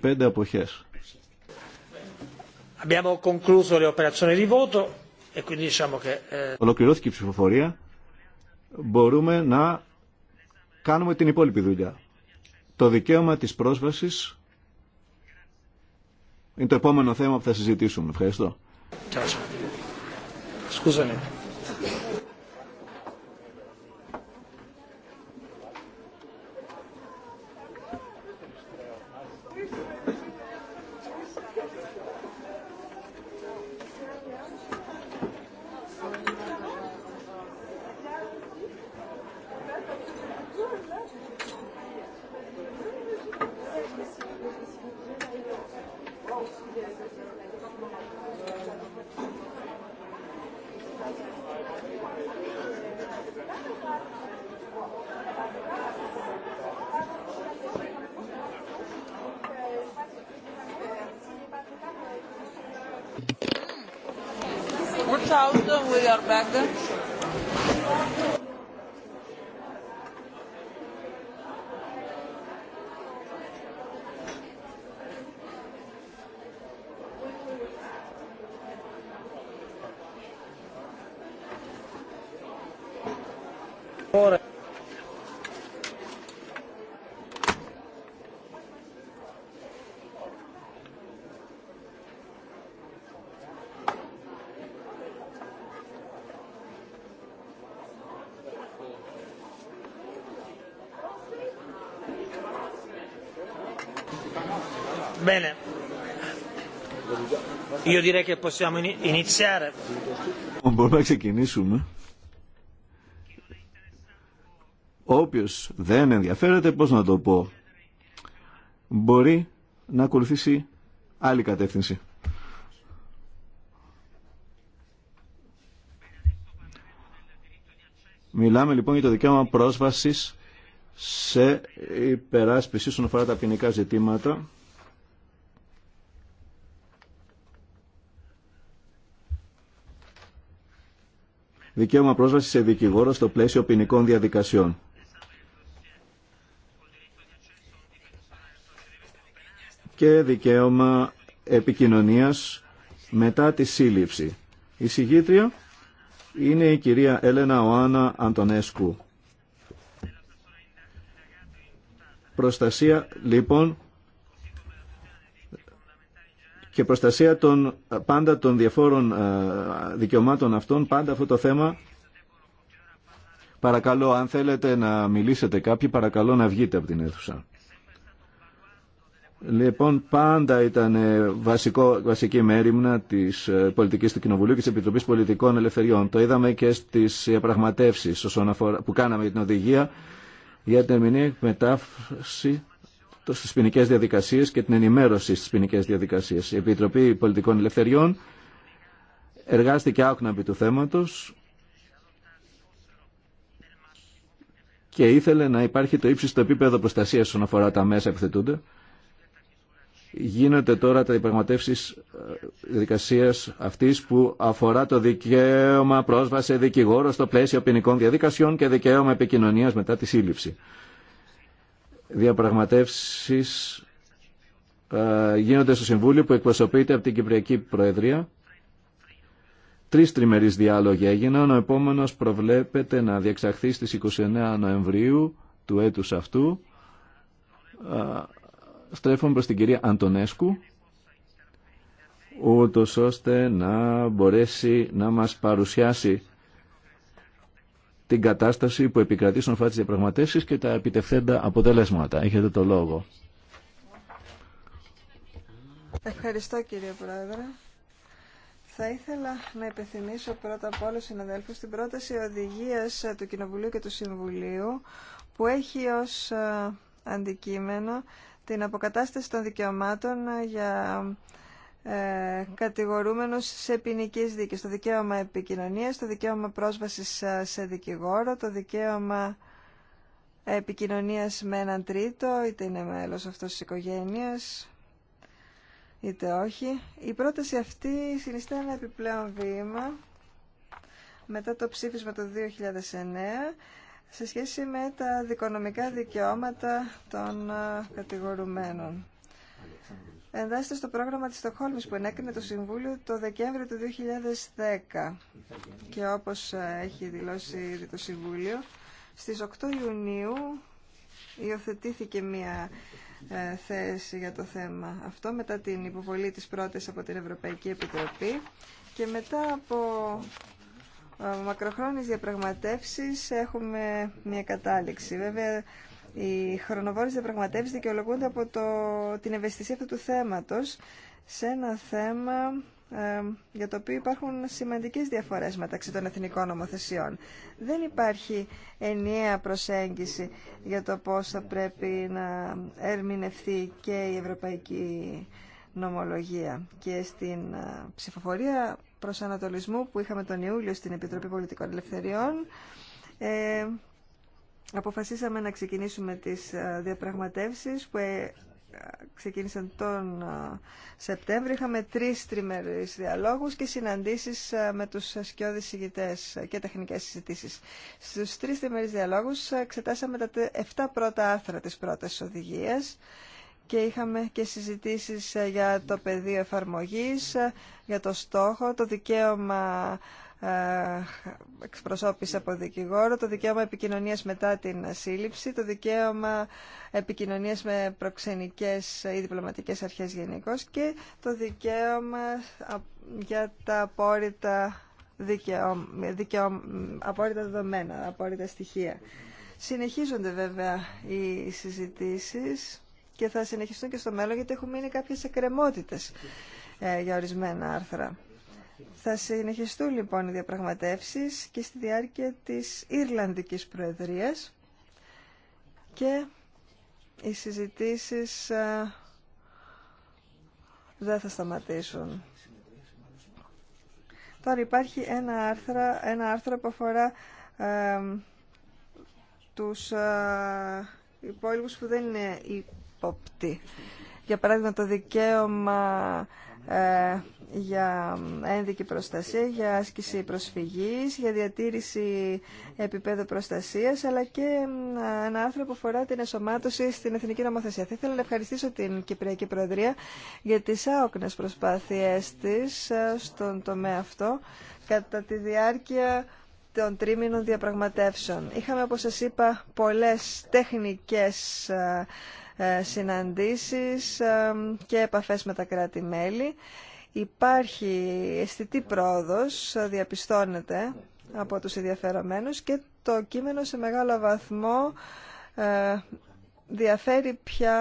25 αποχές. Ολοκληρώθηκε η ψηφοφορία. Μπορούμε να κάνουμε την υπόλοιπη δουλειά. Το δικαίωμα της πρόσβασης είναι το επόμενο θέμα που θα συζητήσουμε. Ευχαριστώ. Μπορούμε να ξεκινήσουμε. Όποιος δεν ενδιαφέρεται, πώς να το πω, μπορεί να ακολουθήσει άλλη κατεύθυνση. Μιλάμε λοιπόν για το δικαίωμα πρόσβασης σε υπεράσπιση όσον αφορά τα ποινικά ζητήματα δικαίωμα πρόσβαση σε δικηγόρο στο πλαίσιο ποινικών διαδικασιών. και δικαίωμα επικοινωνίας μετά τη σύλληψη. Η συγγήτρια είναι η κυρία Έλενα Οάνα Αντωνέσκου. Προστασία λοιπόν και προστασία των, πάντα των διαφόρων ε, δικαιωμάτων αυτών, πάντα αυτό το θέμα. Παρακαλώ, αν θέλετε να μιλήσετε κάποιοι, παρακαλώ να βγείτε από την αίθουσα. Λοιπόν, πάντα ήταν ε, βασικό, βασική μέρημνα τη ε, πολιτική του Κοινοβουλίου και τη Επιτροπή Πολιτικών Ελευθεριών. Το είδαμε και στι διαπραγματεύσει που κάναμε για την οδηγία για την ερμηνεία στις ποινικέ διαδικασίες και την ενημέρωση στις ποινικέ διαδικασίες. Η Επιτροπή Πολιτικών Ελευθεριών εργάστηκε άκναμπη του θέματος και ήθελε να υπάρχει το ύψιστο επίπεδο προστασίας όσον αφορά τα μέσα που θετούνται. Γίνονται τώρα τα διαπραγματεύσει ε, διαδικασία αυτή που αφορά το δικαίωμα πρόσβαση δικηγόρο στο πλαίσιο ποινικών διαδικασιών και δικαίωμα επικοινωνία μετά τη σύλληψη διαπραγματεύσεις ε, γίνονται στο Συμβούλιο που εκπροσωπείται από την Κυπριακή Προεδρία. Τρεις τριμερείς διάλογοι έγιναν, ο επόμενος προβλέπεται να διεξαχθεί στις 29 Νοεμβρίου του έτους αυτού. Ε, Στρέφουμε προς την κυρία Αντωνέσκου, ούτω ώστε να μπορέσει να μας παρουσιάσει την κατάσταση που επικρατεί στον φάτη της διαπραγματεύσεις και τα επιτευθέντα αποτελέσματα. Έχετε το λόγο. Ευχαριστώ κύριε Πρόεδρε. Θα ήθελα να υπενθυμίσω πρώτα από όλους συναδέλφους την πρόταση οδηγίας ε, του Κοινοβουλίου και του Συμβουλίου που έχει ως ε, αντικείμενο την αποκατάσταση των δικαιωμάτων ε, για ε, κατηγορούμενους σε ποινικέ δίκη Το δικαίωμα επικοινωνία, το δικαίωμα πρόσβαση ε, σε δικηγόρο, το δικαίωμα επικοινωνίας με έναν τρίτο, είτε είναι μέλο αυτό τη οικογένεια, είτε όχι. Η πρόταση αυτή συνιστά ένα επιπλέον βήμα μετά το ψήφισμα το 2009 σε σχέση με τα δικονομικά δικαιώματα των ε, κατηγορουμένων. Ενδέστε στο πρόγραμμα της Στοχόλμης που ενέκρινε το Συμβούλιο το Δεκέμβριο του 2010. Και όπως ε, έχει δηλώσει το Συμβούλιο, στις 8 Ιουνίου υιοθετήθηκε μία ε, θέση για το θέμα αυτό μετά την υποβολή της πρώτης από την Ευρωπαϊκή Επιτροπή και μετά από ε, μακροχρόνιες διαπραγματεύσεις έχουμε μια κατάληξη. Βέβαια οι χρονοβόρες διαπραγματεύσεις δικαιολογούνται από την ευαισθησία αυτού του θέματος σε ένα θέμα ε, για το οποίο υπάρχουν σημαντικές διαφορές μεταξύ των εθνικών νομοθεσιών. Δεν υπάρχει ενιαία προσέγγιση για το πώς θα πρέπει να ερμηνευθεί και η ευρωπαϊκή νομολογία. Και στην ε, ψηφοφορία προς ανατολισμού που είχαμε τον Ιούλιο στην Επιτροπή Πολιτικών Ελευθεριών, ε, αποφασίσαμε να ξεκινήσουμε τις ε, διαπραγματεύσεις που ε, ξεκίνησαν τον ε, Σεπτέμβριο. Είχαμε τρεις τριμερείς διαλόγους και συναντήσεις με τους ασκιώδεις συγητές και τεχνικές συζητήσεις. Στους τρεις τριμερείς διαλόγους εξετάσαμε τα 7 πρώτα άθρα της πρώτης οδηγίας και είχαμε και συζητήσεις για το πεδίο εφαρμογής, για το στόχο, το δικαίωμα ε, εκπροσώπηση από δικηγόρο, το δικαίωμα επικοινωνίας μετά την σύλληψη, το δικαίωμα επικοινωνίας με προξενικές ή διπλωματικές αρχές γενικώ και το δικαίωμα για τα απόρριτα, δικαίωμα απόρριτα δεδομένα, απόρριτα στοιχεία. Συνεχίζονται βέβαια οι συζητήσεις και θα συνεχιστούν και στο μέλλον γιατί έχουμε μείνει κάποιες εκκρεμότητες ε, για ορισμένα άρθρα. Θα συνεχιστούν λοιπόν οι διαπραγματεύσεις και στη διάρκεια της Ιρλανδικής Προεδρίας και οι συζητήσεις ε, δεν θα σταματήσουν. Τώρα υπάρχει ένα άρθρο, ένα άρθρο που αφορά του ε, τους ε, που δεν είναι υποπτοί για παράδειγμα το δικαίωμα ε, για ένδικη προστασία, για άσκηση προσφυγής, για διατήρηση επίπεδου προστασίας, αλλά και ε, ένα άρθρο που αφορά την εσωμάτωση στην Εθνική Νομοθεσία. Θα ήθελα να ευχαριστήσω την Κυπριακή Προεδρία για τις άοκνες προσπάθειές της ε, στον τομέα αυτό κατά τη διάρκεια των τρίμηνων διαπραγματεύσεων. Είχαμε, όπως σας είπα, πολλές τεχνικές ε, συναντήσεις ε, και επαφές με τα κράτη-μέλη. Υπάρχει αισθητή πρόοδος, ε, διαπιστώνεται από τους ενδιαφερομένους και το κείμενο σε μεγάλο βαθμό διαφέρει πια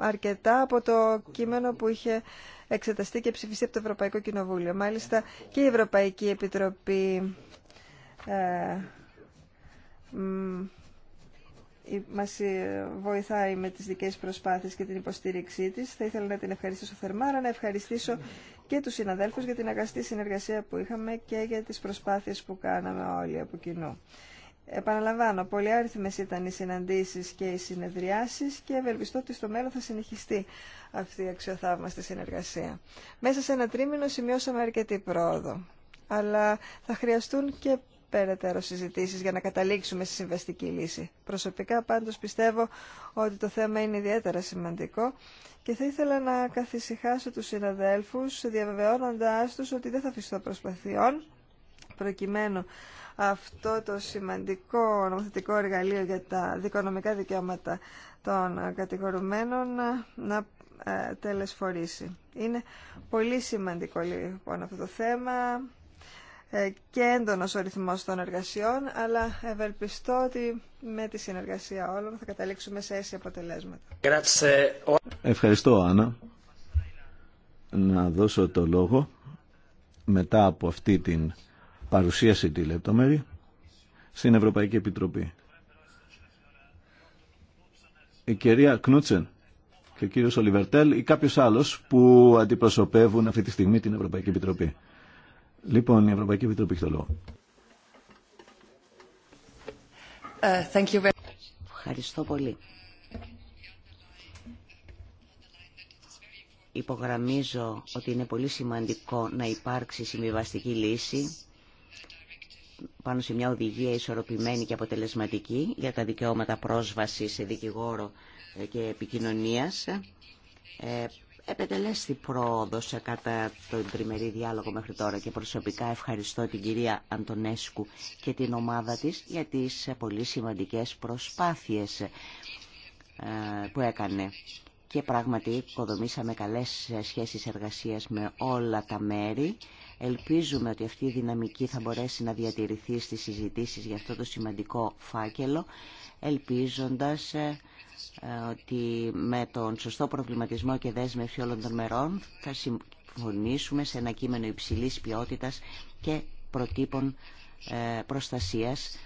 αρκετά από το κείμενο που είχε εξεταστεί και ψηφιστεί από το Ευρωπαϊκό Κοινοβούλιο. Μάλιστα και η Ευρωπαϊκή Επιτροπή ε, μας ε, βοηθάει με τις δικές προσπάθειες και την υποστήριξή της. Θα ήθελα να την ευχαριστήσω αλλά να ευχαριστήσω και τους συναδέλφους για την αγαστή συνεργασία που είχαμε και για τις προσπάθειες που κάναμε όλοι από κοινού. Επαναλαμβάνω, πολύ άριθμες ήταν οι συναντήσεις και οι συνεδριάσεις και ευελπιστώ ότι στο μέλλον θα συνεχιστεί αυτή η αξιοθαύμαστη συνεργασία. Μέσα σε ένα τρίμηνο σημειώσαμε αρκετή πρόοδο, αλλά θα χρειαστούν και περαιτέρω συζητήσεις για να καταλήξουμε στη συμβαστική λύση. Προσωπικά πάντως πιστεύω ότι το θέμα είναι ιδιαίτερα σημαντικό και θα ήθελα να καθησυχάσω τους συναδέλφους διαβεβαιώνοντάς τους ότι δεν θα αφήσω προσπαθειών προκειμένου αυτό το σημαντικό νομοθετικό εργαλείο για τα δικονομικά δικαιώματα των κατηγορουμένων να ε, τελεσφορήσει. Είναι πολύ σημαντικό λοιπόν αυτό το θέμα ε, και έντονος ο ρυθμός των εργασιών, αλλά ευελπιστώ ότι με τη συνεργασία όλων θα καταλήξουμε σε αίσια αποτελέσματα. Ευχαριστώ, Άννα. Να δώσω το λόγο μετά από αυτή την παρουσίαση τη λεπτομέρη στην Ευρωπαϊκή Επιτροπή. Η κυρία Κνούτσεν και ο κύριος Ολιβερτέλ ή κάποιος άλλος που αντιπροσωπεύουν αυτή τη στιγμή την Ευρωπαϊκή Επιτροπή. Λοιπόν, η Ευρωπαϊκή Επιτροπή έχει το λόγο. Ε, thank you very Ευχαριστώ πολύ. Υπογραμμίζω ότι είναι πολύ σημαντικό να υπάρξει συμβιβαστική λύση πάνω σε μια οδηγία ισορροπημένη και αποτελεσματική για τα δικαιώματα πρόσβασης σε δικηγόρο ε, και επικοινωνίας. Ε, επετελέστη πρόοδος κατά τον τριμερή διάλογο μέχρι τώρα και προσωπικά ευχαριστώ την κυρία Αντωνέσκου και την ομάδα της για τις πολύ σημαντικές προσπάθειες ε, που έκανε. Και πράγματι οικοδομήσαμε καλές σχέσεις εργασίας με όλα τα μέρη. Ελπίζουμε ότι αυτή η δυναμική θα μπορέσει να διατηρηθεί στις συζητήσεις για αυτό το σημαντικό φάκελο, ελπίζοντας ε, ε, ότι με τον σωστό προβληματισμό και δέσμευση όλων των μερών θα συμφωνήσουμε σε ένα κείμενο υψηλής ποιότητας και προτύπων ε, προστασίας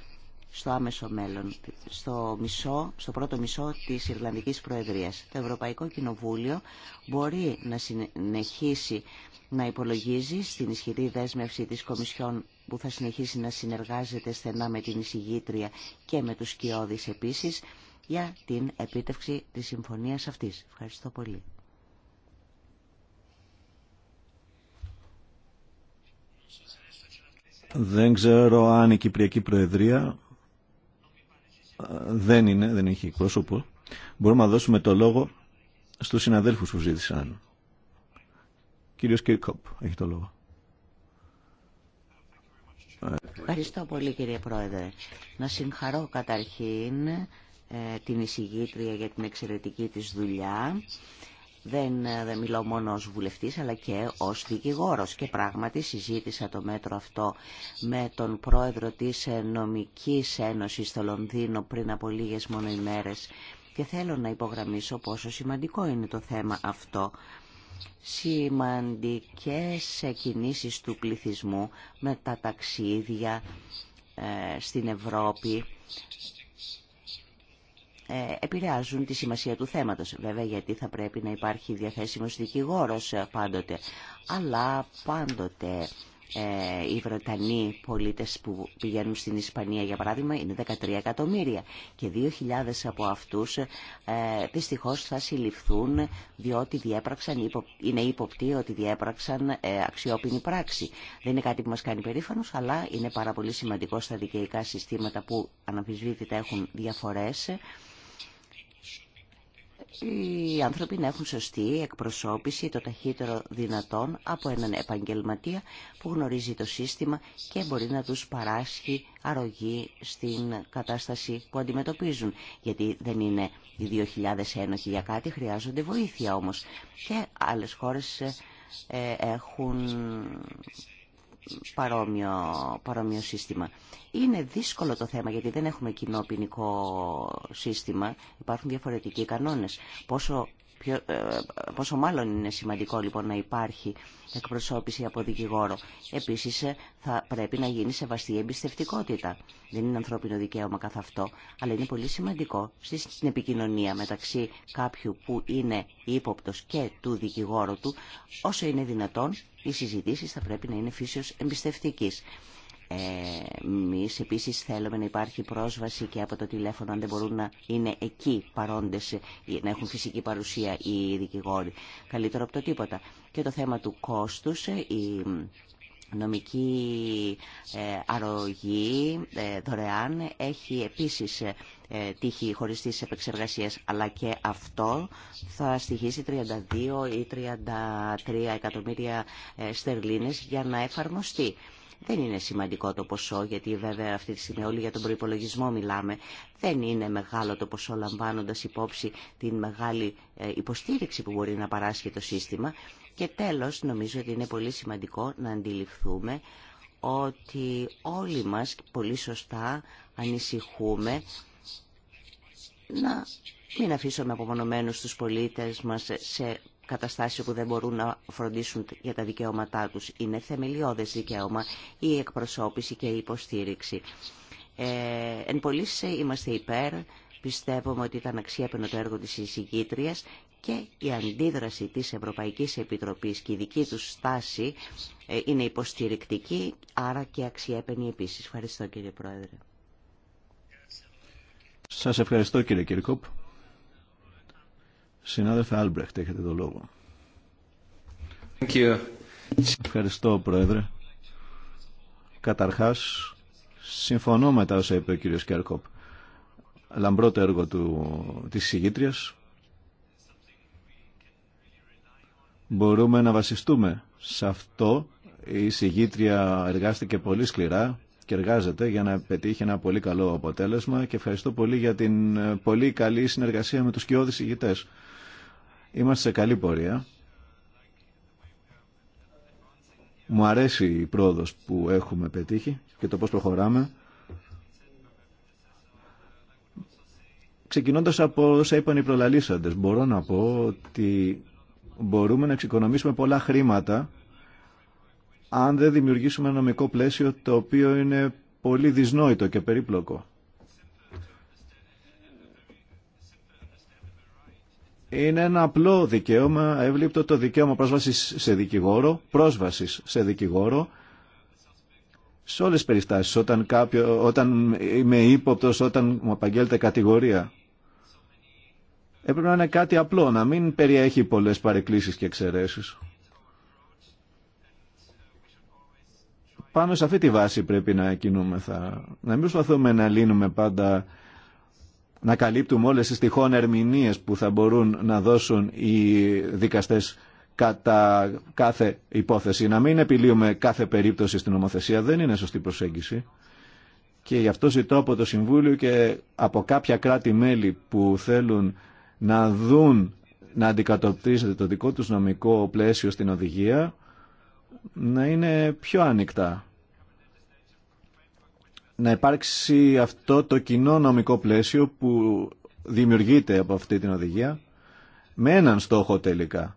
στο άμεσο μέλλον, στο, μισό, στο πρώτο μισό της Ιρλανδικής Προεδρίας. Το Ευρωπαϊκό Κοινοβούλιο μπορεί να συνεχίσει να υπολογίζει στην ισχυρή δέσμευση της Κομισιόν που θα συνεχίσει να συνεργάζεται στενά με την εισηγήτρια και με τους κοιόδης επίσης για την επίτευξη της συμφωνίας αυτής. Ευχαριστώ πολύ. Δεν ξέρω αν η Κυπριακή Προεδρία δεν είναι, δεν έχει εκπρόσωπο. Μπορούμε να δώσουμε το λόγο στους συναδέλφους που ζήτησαν. Κύριος Κίρκοπ έχει το λόγο. Ευχαριστώ πολύ κύριε Πρόεδρε. Να συγχαρώ καταρχήν ε, την εισηγήτρια για την εξαιρετική της δουλειά. Δεν, ε, δεν μιλώ μόνο ως βουλευτής αλλά και ως δικηγόρος και πράγματι συζήτησα το μέτρο αυτό με τον πρόεδρο της ε, Νομικής Ένωσης στο Λονδίνο πριν από λίγες μόνο ημέρες και θέλω να υπογραμμίσω πόσο σημαντικό είναι το θέμα αυτό. Σημαντικές κινήσεις του πληθυσμού με τα ταξίδια στην Ευρώπη ε, επηρεάζουν τη σημασία του θέματος. Βέβαια γιατί θα πρέπει να υπάρχει διαθέσιμος δικηγόρος ε, πάντοτε. Αλλά πάντοτε ε, οι Βρετανοί πολίτες που πηγαίνουν στην Ισπανία για παράδειγμα είναι 13 εκατομμύρια και 2.000 από αυτούς ε, δυστυχώς θα συλληφθούν διότι διέπραξαν, είναι ύποπτοι ότι διέπραξαν αξιόπινη πράξη. Δεν είναι κάτι που μας κάνει περήφανος αλλά είναι πάρα πολύ σημαντικό στα δικαιικά συστήματα που αναμφισβήτητα έχουν διαφορές οι άνθρωποι να έχουν σωστή εκπροσώπηση το ταχύτερο δυνατόν από έναν επαγγελματία που γνωρίζει το σύστημα και μπορεί να τους παράσχει αρρωγή στην κατάσταση που αντιμετωπίζουν. Γιατί δεν είναι οι 2.000 ένοχοι για κάτι, χρειάζονται βοήθεια όμως. Και άλλες χώρες ε, έχουν παρόμοιο, παρόμοιο σύστημα. Είναι δύσκολο το θέμα γιατί δεν έχουμε κοινό ποινικό σύστημα. Υπάρχουν διαφορετικοί κανόνες. Πόσο, ε, πόσο μάλλον είναι σημαντικό λοιπόν να υπάρχει εκπροσώπηση από δικηγόρο. Επίσης ε, θα πρέπει να γίνει σεβαστή εμπιστευτικότητα. Δεν είναι ανθρώπινο δικαίωμα καθ' αυτό, αλλά είναι πολύ σημαντικό στην επικοινωνία μεταξύ κάποιου που είναι ύποπτος και του δικηγόρου του, όσο είναι δυνατόν οι συζητήσεις θα πρέπει να είναι φύσεως εμπιστευτικής. Ε, Εμεί επίση θέλουμε να υπάρχει πρόσβαση και από το τηλέφωνο, αν δεν μπορούν να είναι εκεί παρόντε, να έχουν φυσική παρουσία οι δικηγόροι. Καλύτερο από το τίποτα. Και το θέμα του κόστου, η νομική ε, αρρωγή ε, δωρεάν έχει επίσης ε, τύχη χωριστής επεξεργασίας, αλλά και αυτό θα στοιχίσει 32 ή 33 εκατομμύρια στερλίνες για να εφαρμοστεί. Δεν είναι σημαντικό το ποσό, γιατί βέβαια αυτή τη στιγμή όλοι για τον προϋπολογισμό μιλάμε. Δεν είναι μεγάλο το ποσό λαμβάνοντας υπόψη την μεγάλη υποστήριξη που μπορεί να παράσχει το σύστημα και τέλος, νομίζω ότι είναι πολύ σημαντικό να αντιληφθούμε ότι όλοι μας πολύ σωστά ανησυχούμε να μην αφήσουμε απομονωμένους τους πολίτες μας σε καταστάσεις που δεν μπορούν να φροντίσουν για τα δικαιώματά τους. Είναι θεμελιώδες δικαίωμα η εκπροσώπηση και η υποστήριξη. Ε, εν πολλής είμαστε υπέρ Πιστεύουμε ότι ήταν αξιέπαινο το έργο της εισηγήτριας και η αντίδραση της Ευρωπαϊκής Επιτροπής και η δική του στάση ε, είναι υποστηρικτική, άρα και αξιέπαινη επίσης. Ευχαριστώ κύριε Πρόεδρε. Σας ευχαριστώ κύριε Κυρκόπ. Συνάδελφε Άλμπρεχτ, έχετε το λόγο. Ευχαριστώ Πρόεδρε. Καταρχάς, συμφωνώ μετά όσα είπε ο κύριος Κέρκοπ λαμπρό το έργο του, της συγγήτριας. Μπορούμε να βασιστούμε σε αυτό. Η συγγήτρια εργάστηκε πολύ σκληρά και εργάζεται για να πετύχει ένα πολύ καλό αποτέλεσμα και ευχαριστώ πολύ για την ε, πολύ καλή συνεργασία με τους κοιόδης συγγητές. Είμαστε σε καλή πορεία. Μου αρέσει η πρόοδος που έχουμε πετύχει και το πώς προχωράμε. Ξεκινώντας από όσα είπαν οι προλαλήσαντες, μπορώ να πω ότι μπορούμε να εξοικονομήσουμε πολλά χρήματα αν δεν δημιουργήσουμε ένα νομικό πλαίσιο το οποίο είναι πολύ δυσνόητο και περίπλοκο. Είναι ένα απλό δικαίωμα, εύληπτο το δικαίωμα πρόσβασης σε δικηγόρο, πρόσβασης σε δικηγόρο, σε όλες τις όταν, κάποιο, όταν είμαι ύποπτος, όταν μου απαγγέλλεται κατηγορία. Έπρεπε να είναι κάτι απλό, να μην περιέχει πολλές παρεκκλήσεις και εξαιρέσεις. Πάνω σε αυτή τη βάση πρέπει να κινούμεθα. Να μην προσπαθούμε να λύνουμε πάντα, να καλύπτουμε όλες τις τυχόν ερμηνείες που θα μπορούν να δώσουν οι δικαστές κατά κάθε υπόθεση. Να μην επιλύουμε κάθε περίπτωση στην νομοθεσία. Δεν είναι σωστή προσέγγιση. Και γι' αυτό ζητώ από το Συμβούλιο και από κάποια κράτη-μέλη που θέλουν να δουν, να αντικατοπτρίζεται το δικό τους νομικό πλαίσιο στην οδηγία, να είναι πιο ανοιχτά. Να υπάρξει αυτό το κοινό νομικό πλαίσιο που δημιουργείται από αυτή την οδηγία, με έναν στόχο τελικά,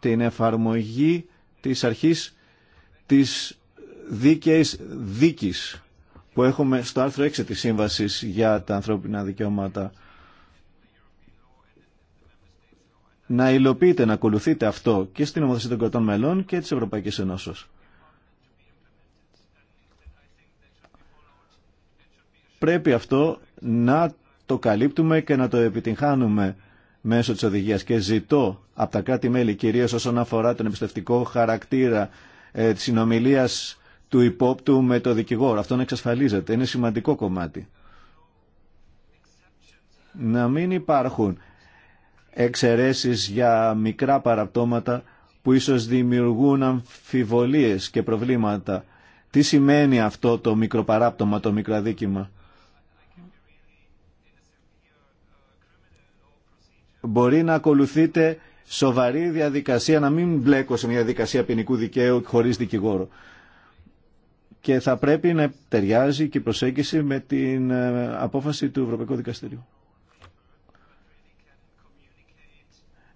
την εφαρμογή της αρχής της δίκαιης δίκης που έχουμε στο άρθρο 6 της Σύμβασης για τα ανθρώπινα δικαιώματα να υλοποιείτε, να ακολουθείτε αυτό και στην Ομοθεσία των κρατών μελών και της Ευρωπαϊκή Ενώσεως. Πρέπει αυτό να το καλύπτουμε και να το επιτυγχάνουμε μέσω της οδηγίας και ζητώ από τα κράτη-μέλη κυρίως όσον αφορά τον εμπιστευτικό χαρακτήρα ε, της συνομιλίας του υπόπτου με το δικηγόρο. Αυτό να εξασφαλίζεται. Είναι σημαντικό κομμάτι. Να μην υπάρχουν εξαιρέσεις για μικρά παραπτώματα που ίσως δημιουργούν αμφιβολίες και προβλήματα. Τι σημαίνει αυτό το μικροπαράπτωμα, το μικροαδίκημα. Μπορεί να ακολουθείτε σοβαρή διαδικασία, να μην μπλέκω σε μια διαδικασία ποινικού δικαίου χωρίς δικηγόρο. Και θα πρέπει να ταιριάζει και η προσέγγιση με την ε, απόφαση του Ευρωπαϊκού Δικαστηρίου.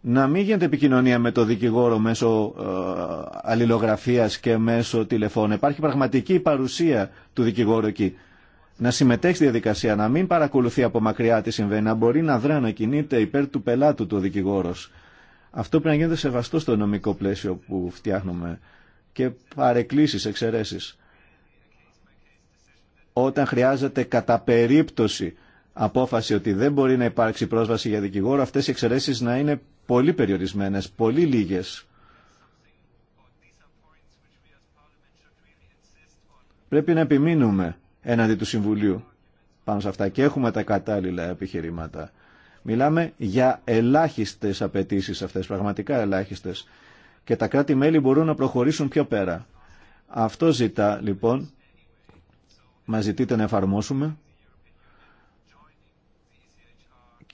να μην γίνεται επικοινωνία με το δικηγόρο μέσω ε, αλληλογραφίας και μέσω τηλεφώνου. Υπάρχει πραγματική παρουσία του δικηγόρου εκεί. Να συμμετέχει στη διαδικασία, να μην παρακολουθεί από μακριά τι συμβαίνει, να μπορεί να δρά, να κινείται υπέρ του πελάτου του ο Αυτό πρέπει να γίνεται σεβαστό στο νομικό πλαίσιο που φτιάχνουμε και παρεκκλήσει, εξαιρέσει. Όταν χρειάζεται κατά περίπτωση απόφαση ότι δεν μπορεί να υπάρξει πρόσβαση για δικηγόρο, αυτέ οι εξαιρεσει να είναι πολύ περιορισμένες, πολύ λίγες. Πρέπει να επιμείνουμε έναντι του Συμβουλίου πάνω σε αυτά και έχουμε τα κατάλληλα επιχειρήματα. Μιλάμε για ελάχιστες απαιτήσεις αυτές, πραγματικά ελάχιστες. Και τα κράτη-μέλη μπορούν να προχωρήσουν πιο πέρα. Αυτό ζητά λοιπόν, μας ζητείτε να εφαρμόσουμε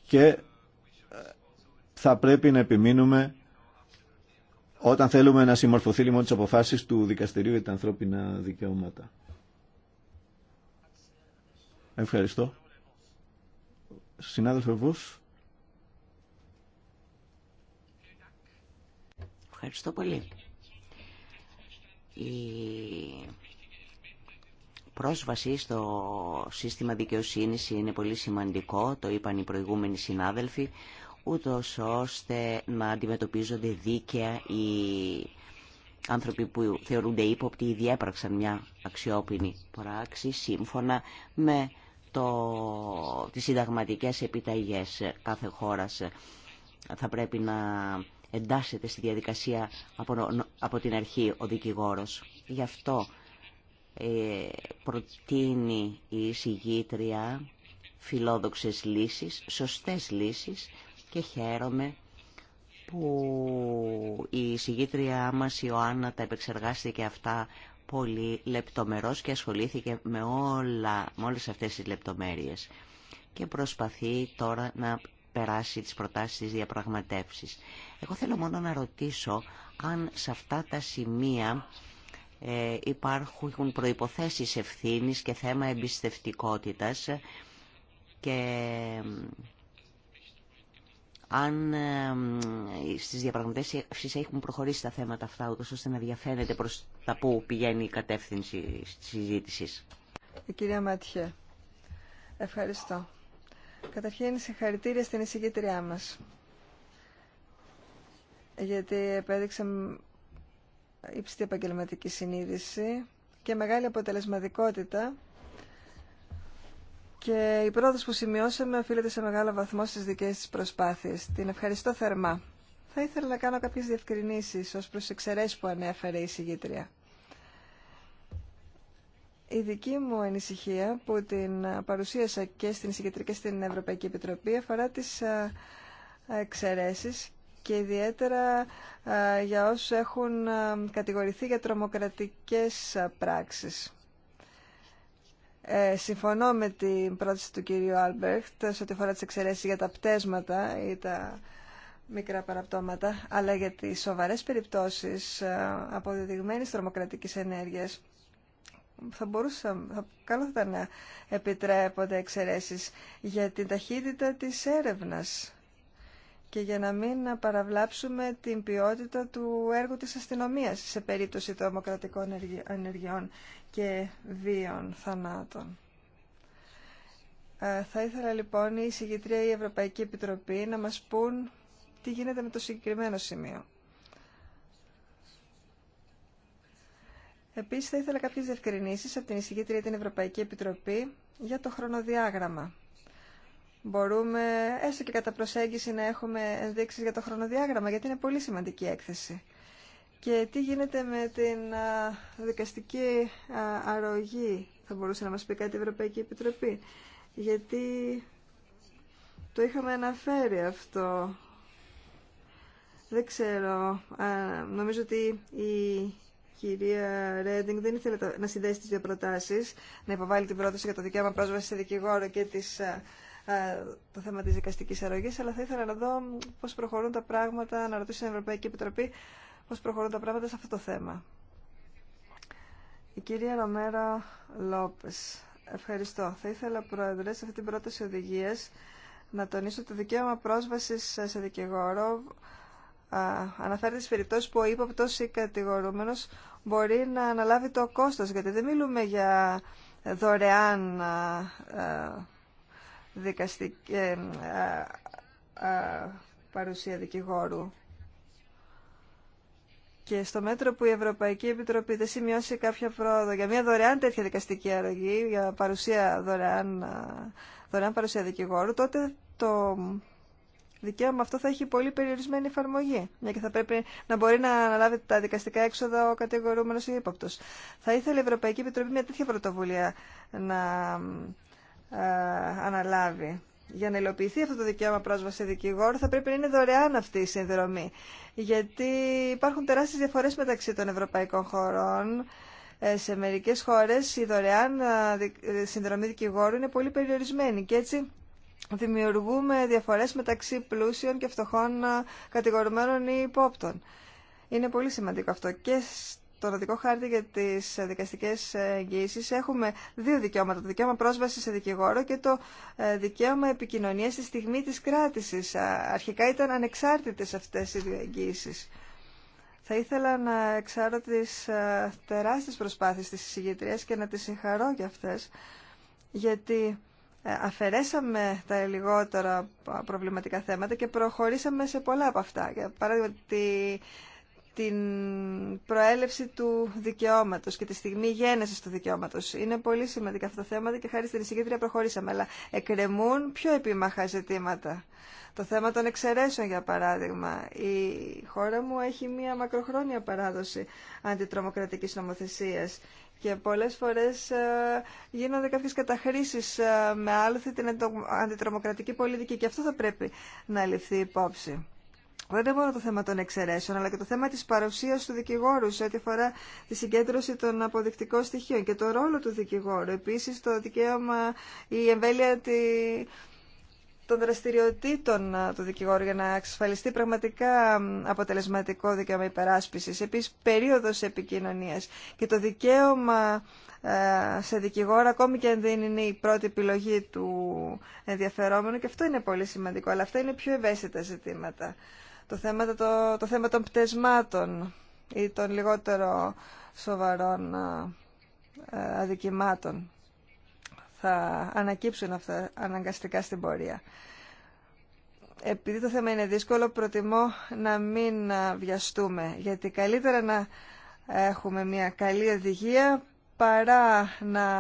και θα πρέπει να επιμείνουμε όταν θέλουμε να συμμορφωθεί λοιπόν τις αποφάσεις του Δικαστηρίου για τα ανθρώπινα δικαιώματα. Ευχαριστώ. Συνάδελφε Βούς. Ευχαριστώ πολύ. Η πρόσβαση στο σύστημα δικαιοσύνης είναι πολύ σημαντικό, το είπαν οι προηγούμενοι συνάδελφοι ούτω ώστε να αντιμετωπίζονται δίκαια οι άνθρωποι που θεωρούνται ύποπτοι ή διέπραξαν μια αξιόπινη πράξη σύμφωνα με το, τις συνταγματικές επιταγές κάθε χώρας. Θα πρέπει να εντάσσεται στη διαδικασία από, την αρχή ο δικηγόρος. Γι' αυτό ε, προτείνει η συγγήτρια φιλόδοξες λύσεις, σωστές λύσεις και χαίρομαι που η συγγήτριά μας Ιωάννα τα επεξεργάστηκε αυτά πολύ λεπτομερώς και ασχολήθηκε με, όλα, με όλες αυτές τις λεπτομέρειες και προσπαθεί τώρα να περάσει τις προτάσεις της διαπραγματεύσεις. Εγώ θέλω μόνο να ρωτήσω αν σε αυτά τα σημεία ε, υπάρχουν προϋποθέσεις ευθύνης και θέμα εμπιστευτικότητας και αν στις διαπραγματεύσεις έχουν προχωρήσει τα θέματα αυτά, ούτως ώστε να διαφαίνεται προς τα που πηγαίνει η κατεύθυνση της συζήτησης. Η ε, κυρία Ματιέ, ευχαριστώ. Καταρχήν συγχαρητήρια στην εισηγήτριά μας, γιατί επέδειξε ύψιστη επαγγελματική συνείδηση και μεγάλη αποτελεσματικότητα και η πρόοδος που σημειώσαμε οφείλεται σε μεγάλο βαθμό στις δικές της προσπάθειες. Την ευχαριστώ θερμά. Θα ήθελα να κάνω κάποιες διευκρινήσεις ως προς εξαιρέσεις που ανέφερε η συγγήτρια. Η δική μου ανησυχία που την παρουσίασα και στην Συγκεντρική και στην Ευρωπαϊκή Επιτροπή αφορά τις εξαιρέσεις και ιδιαίτερα για όσους έχουν κατηγορηθεί για τρομοκρατικές πράξεις. Ε, συμφωνώ με την πρόταση του κυρίου Άλμπερχτ σε ό,τι αφορά τι για τα πτέσματα ή τα μικρά παραπτώματα, αλλά για τις σοβαρέ περιπτώσεις ε, αποδεδειγμένης τρομοκρατική ενέργειας θα μπορούσα, καλό θα ήταν να επιτρέπονται εξαιρέσεις για την ταχύτητα της έρευνας και για να μην παραβλάψουμε την ποιότητα του έργου της αστυνομίας σε περίπτωση τρομοκρατικών ενεργειών και βίων θανάτων. Ε, θα ήθελα λοιπόν η συγκεκριά η Ευρωπαϊκή Επιτροπή να μας πούν τι γίνεται με το συγκεκριμένο σημείο. Επίσης θα ήθελα κάποιες διευκρινήσεις από την εισηγήτρια την Ευρωπαϊκή Επιτροπή για το χρονοδιάγραμμα. Μπορούμε έστω και κατά προσέγγιση να έχουμε ενδείξεις για το χρονοδιάγραμμα γιατί είναι πολύ σημαντική έκθεση. Και τι γίνεται με την δικαστική αρρωγή, θα μπορούσε να μας πει κάτι η Ευρωπαϊκή Επιτροπή. Γιατί το είχαμε αναφέρει αυτό. Δεν ξέρω. Νομίζω ότι η κυρία Ρέντινγκ δεν ήθελε να συνδέσει τις δύο προτάσεις, να υποβάλει την πρόταση για το δικαίωμα πρόσβαση σε δικηγόρο και τις, το θέμα της δικαστικής αρρωγής, αλλά θα ήθελα να δω πώς προχωρούν τα πράγματα, να ρωτήσω την Ευρωπαϊκή Επιτροπή πώς προχωρούν τα πράγματα σε αυτό το θέμα. Η κυρία Ρομέρα Λόπες. Ευχαριστώ. Θα ήθελα, Πρόεδρε, σε αυτή την πρόταση οδηγίας να τονίσω το δικαίωμα πρόσβασης σε δικηγόρο αναφέρεται στι περιπτώσει που ο ύποπτο ή κατηγορούμενος μπορεί να αναλάβει το κόστος, γιατί δεν μιλούμε για δωρεάν δικαστική, ε, παρουσία δικηγόρου. Και στο μέτρο που η Ευρωπαϊκή Επιτροπή δεν σημειώσει κάποια πρόοδο για μια δωρεάν τέτοια δικαστική αρρωγή, για παρουσία δωρεάν, δωρεάν παρουσία δικηγόρου, τότε το δικαίωμα αυτό θα έχει πολύ περιορισμένη εφαρμογή. Μια και θα πρέπει να μπορεί να αναλάβει τα δικαστικά έξοδα ο κατηγορούμενο ή ύποπτο. Θα ήθελε η Ευρωπαϊκή Επιτροπή μια τέτοια πρωτοβουλία να αναλάβει για να υλοποιηθεί αυτό το δικαίωμα πρόσβαση σε θα πρέπει να είναι δωρεάν αυτή η συνδρομή. Γιατί υπάρχουν τεράστιες διαφορές μεταξύ των ευρωπαϊκών χωρών. Ε, σε μερικές χώρες η δωρεάν ε, ε, συνδρομή δικηγόρου είναι πολύ περιορισμένη και έτσι δημιουργούμε διαφορές μεταξύ πλούσιων και φτωχών κατηγορουμένων ή υπόπτων. Είναι πολύ σημαντικό αυτό και το οδικό χάρτη για τις ε, δικαστικέ ε, εγγύησεις έχουμε δύο δικαιώματα. Το δικαίωμα πρόσβαση σε δικηγόρο και το ε, δικαίωμα επικοινωνία στη στιγμή της κράτησης. Αρχικά ήταν ανεξάρτητες αυτές οι δύο εγγύησεις. Θα ήθελα να εξάρω τι τεράστιε προσπάθειες τη εισηγητρίας και να τι συγχαρώ για αυτές, γιατί αφαιρέσαμε τα λιγότερα προβληματικά θέματα και προχωρήσαμε σε πολλά από αυτά. παράδειγμα, την προέλευση του δικαιώματος και τη στιγμή γέννησης του δικαιώματος. Είναι πολύ σημαντικά αυτά τα θέματα και χάρη στην εισηγήτρια προχωρήσαμε, αλλά εκκρεμούν πιο επίμαχα ζητήματα. Το θέμα των εξαιρέσεων, για παράδειγμα. Η χώρα μου έχει μία μακροχρόνια παράδοση αντιτρομοκρατικής νομοθεσίας και πολλές φορές ε, γίνονται κάποιες καταχρήσεις ε, με άλθη την αντιτρομοκρατική πολιτική και αυτό θα πρέπει να ληφθεί υπόψη δεν μόνο το θέμα των εξαιρέσεων, αλλά και το θέμα της παρουσίας του δικηγόρου σε ό,τι αφορά τη συγκέντρωση των αποδεικτικών στοιχείων και το ρόλο του δικηγόρου. Επίσης, το δικαίωμα, η εμβέλεια τη, των δραστηριοτήτων του δικηγόρου για να εξασφαλιστεί πραγματικά αποτελεσματικό δικαίωμα υπεράσπιση. επίση περίοδο επικοινωνία και το δικαίωμα σε δικηγόρο, ακόμη και αν δεν είναι η πρώτη επιλογή του ενδιαφερόμενου και αυτό είναι πολύ σημαντικό, αλλά αυτά είναι πιο ευαίσθητα ζητήματα το θέμα, το, το θέμα των πτεσμάτων ή των λιγότερο σοβαρών ε, αδικημάτων. Θα ανακύψουν αυτά αναγκαστικά στην πορεία. Επειδή το θέμα είναι δύσκολο, προτιμώ να μην βιαστούμε, γιατί καλύτερα να έχουμε μια καλή οδηγία παρά να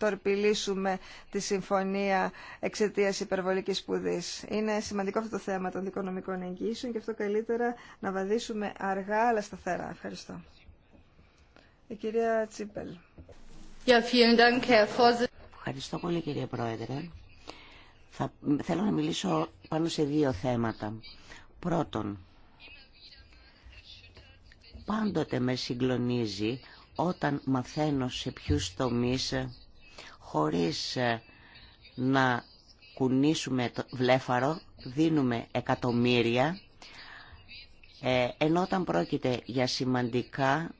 τορπιλήσουμε τη συμφωνία εξαιτία υπερβολική σπουδή. Είναι σημαντικό αυτό το θέμα των δικονομικών εγγύσεων και αυτό καλύτερα να βαδίσουμε αργά αλλά σταθερά. Ευχαριστώ. Η κυρία Τσίπελ. Ευχαριστώ πολύ κύριε Πρόεδρε. Θα, θέλω να μιλήσω πάνω σε δύο θέματα. Πρώτον, πάντοτε με συγκλονίζει όταν μαθαίνω σε ποιους τομείς χωρίς ε, να κουνήσουμε το βλέφαρο, δίνουμε εκατομμύρια, ε, ενώ όταν πρόκειται για σημαντικά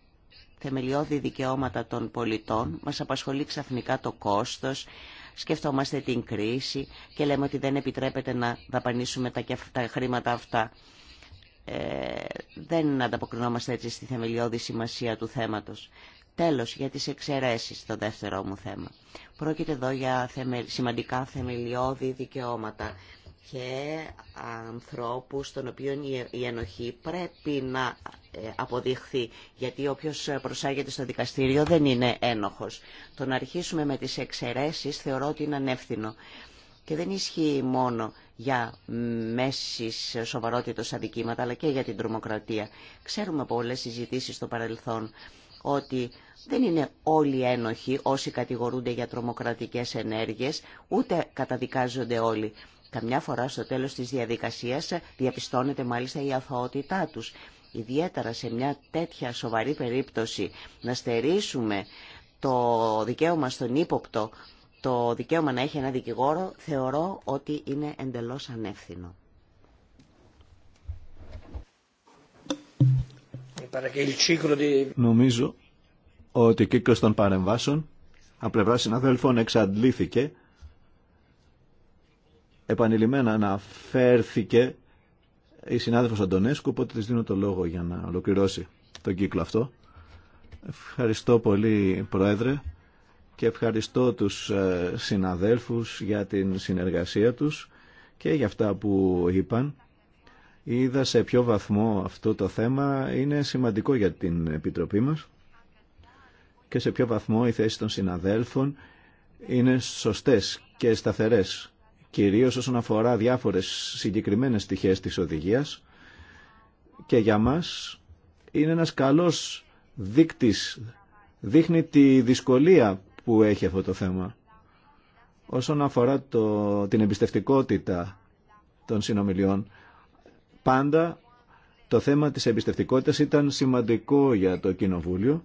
θεμελιώδη δικαιώματα των πολιτών, μας απασχολεί ξαφνικά το κόστος, σκεφτόμαστε την κρίση και λέμε ότι δεν επιτρέπεται να δαπανίσουμε τα χρήματα αυτά. Ε, δεν ανταποκρινόμαστε έτσι στη θεμελιώδη σημασία του θέματος. Τέλος, για τις εξαιρέσεις, στο δεύτερό μου θέμα. Πρόκειται εδώ για σημαντικά θεμελιώδη δικαιώματα και ανθρώπους των οποίων η ενοχή πρέπει να ε, αποδειχθεί γιατί όποιος προσάγεται στο δικαστήριο δεν είναι ένοχος. Το να αρχίσουμε με τις εξαιρέσεις θεωρώ ότι είναι ανεύθυνο και δεν ισχύει μόνο για μέσης σοβαρότητος αδικήματα αλλά και για την τρομοκρατία. Ξέρουμε από όλες συζητήσεις στο παρελθόν ότι δεν είναι όλοι ένοχοι όσοι κατηγορούνται για τρομοκρατικές ενέργειες, ούτε καταδικάζονται όλοι. Καμιά φορά στο τέλος της διαδικασίας διαπιστώνεται μάλιστα η αθωότητά τους. Ιδιαίτερα σε μια τέτοια σοβαρή περίπτωση να στερήσουμε το δικαίωμα στον ύποπτο, το δικαίωμα να έχει ένα δικηγόρο, θεωρώ ότι είναι εντελώς ανεύθυνο. Νομίζω ότι ο κύκλος των παρεμβάσεων από πλευρά συναδέλφων εξαντλήθηκε επανειλημμένα αναφέρθηκε η συνάδελφος Αντωνέσκου οπότε της δίνω το λόγο για να ολοκληρώσει τον κύκλο αυτό Ευχαριστώ πολύ Πρόεδρε και ευχαριστώ τους ε, συναδέλφους για την συνεργασία τους και για αυτά που είπαν είδα σε ποιο βαθμό αυτό το θέμα είναι σημαντικό για την Επιτροπή μας και σε ποιο βαθμό οι θέσει των συναδέλφων είναι σωστές και σταθερές, κυρίως όσον αφορά διάφορες συγκεκριμένες στοιχείες της οδηγίας και για μας είναι ένας καλός δείκτης, δείχνει τη δυσκολία που έχει αυτό το θέμα. Όσον αφορά το, την εμπιστευτικότητα των συνομιλιών, Πάντα το θέμα της εμπιστευτικότητας ήταν σημαντικό για το Κοινοβούλιο.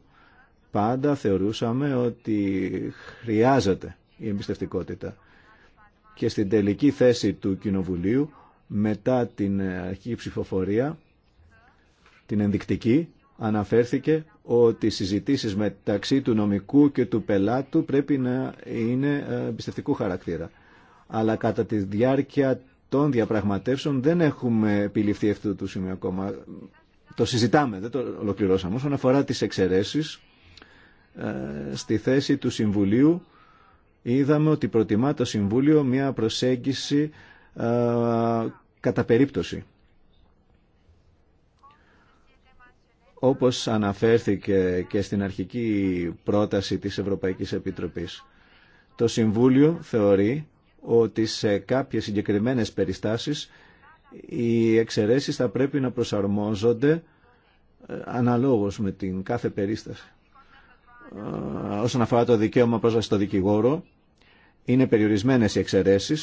Πάντα θεωρούσαμε ότι χρειάζεται η εμπιστευτικότητα. Και στην τελική θέση του Κοινοβουλίου, μετά την αρχή ψηφοφορία, την ενδεικτική, αναφέρθηκε ότι οι συζητήσεις μεταξύ του νομικού και του πελάτου πρέπει να είναι ε, εμπιστευτικού χαρακτήρα. Αλλά κατά τη διάρκεια των διαπραγματεύσεων δεν έχουμε επιληφθεί αυτού του σημείου ακόμα. Το συζητάμε, δεν το ολοκληρώσαμε. Όσον αφορά τις εξαιρέσεις, ε, στη θέση του Συμβουλίου είδαμε ότι προτιμά το Συμβούλιο μια προσέγγιση ε, κατά περίπτωση. Όπως αναφέρθηκε και στην αρχική πρόταση της Ευρωπαϊκής Επιτροπής, το Συμβούλιο θεωρεί ότι σε κάποιες συγκεκριμένες περιστάσεις οι εξαιρέσει θα πρέπει να προσαρμόζονται ε, αναλόγως με την κάθε περίσταση. Ε, όσον αφορά το δικαίωμα πρόσβαση στο δικηγόρο, είναι περιορισμένες οι εξαιρέσει.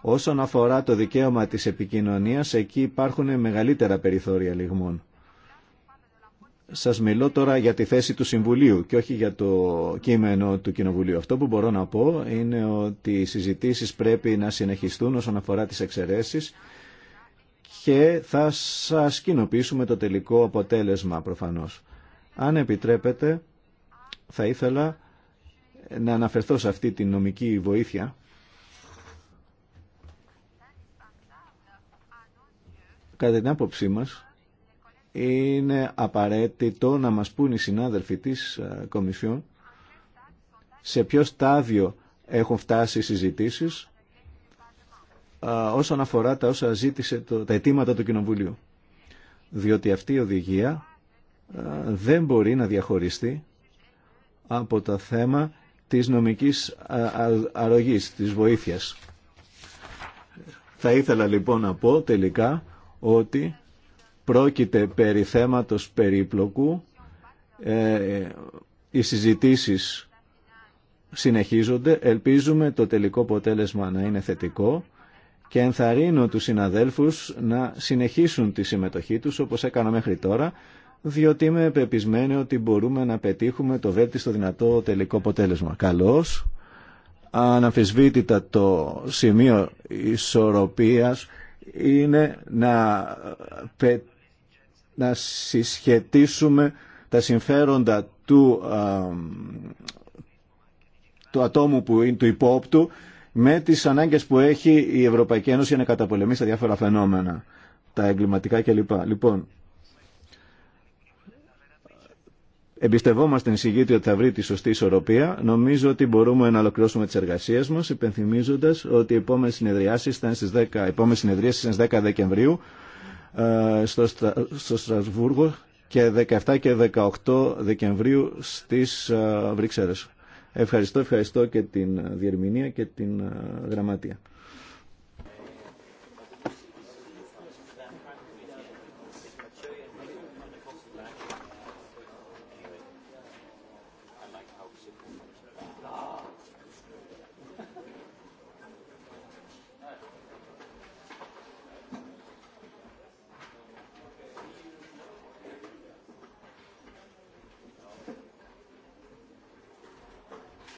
Όσον αφορά το δικαίωμα της επικοινωνίας, εκεί υπάρχουν μεγαλύτερα περιθώρια λιγμών. Σας μιλώ τώρα για τη θέση του Συμβουλίου και όχι για το κείμενο του Κοινοβουλίου. Αυτό που μπορώ να πω είναι ότι οι συζητήσεις πρέπει να συνεχιστούν όσον αφορά τις εξαιρεσει και θα σας κοινοποιήσουμε το τελικό αποτέλεσμα προφανώς. Αν επιτρέπετε θα ήθελα να αναφερθώ σε αυτή τη νομική βοήθεια κατά την άποψή μας είναι απαραίτητο να μας πούν οι συνάδελφοι της ε, Κομισιόν σε ποιο στάδιο έχουν φτάσει οι συζητήσεις ε, όσον αφορά τα όσα ζήτησε το, τα αιτήματα του Κοινοβουλίου. Διότι αυτή η οδηγία ε, δεν μπορεί να διαχωριστεί από το θέμα της νομικής αρρωγής, της βοήθειας. Θα ήθελα λοιπόν να πω τελικά ότι Πρόκειται περί θέματος περίπλοκου. Ε, οι συζητήσεις συνεχίζονται. Ελπίζουμε το τελικό αποτέλεσμα να είναι θετικό και ενθαρρύνω τους συναδέλφους να συνεχίσουν τη συμμετοχή τους όπως έκανα μέχρι τώρα διότι είμαι πεπισμένη ότι μπορούμε να πετύχουμε το βέλτιστο δυνατό τελικό αποτέλεσμα. Καλώς, αναμφισβήτητα το σημείο ισορροπίας είναι να πετύχουμε να συσχετίσουμε τα συμφέροντα του, α, του ατόμου που είναι του υπόπτου με τις ανάγκες που έχει η Ευρωπαϊκή Ένωση για να καταπολεμήσει τα διάφορα φαινόμενα, τα εγκληματικά κλπ. Λοιπόν, εμπιστευόμαστε εισηγήτη ότι θα βρει τη σωστή ισορροπία. Νομίζω ότι μπορούμε να ολοκληρώσουμε τις εργασίες μας, υπενθυμίζοντας ότι οι επόμενες συνεδριάσεις θα είναι στις 10, στις 10 Δεκεμβρίου. Ε, στο, Στρασβούργο και 17 και 18 Δεκεμβρίου στις ε, Βρυξέλλες. Ευχαριστώ, ευχαριστώ και την διερμηνία και την ε, γραμματεία.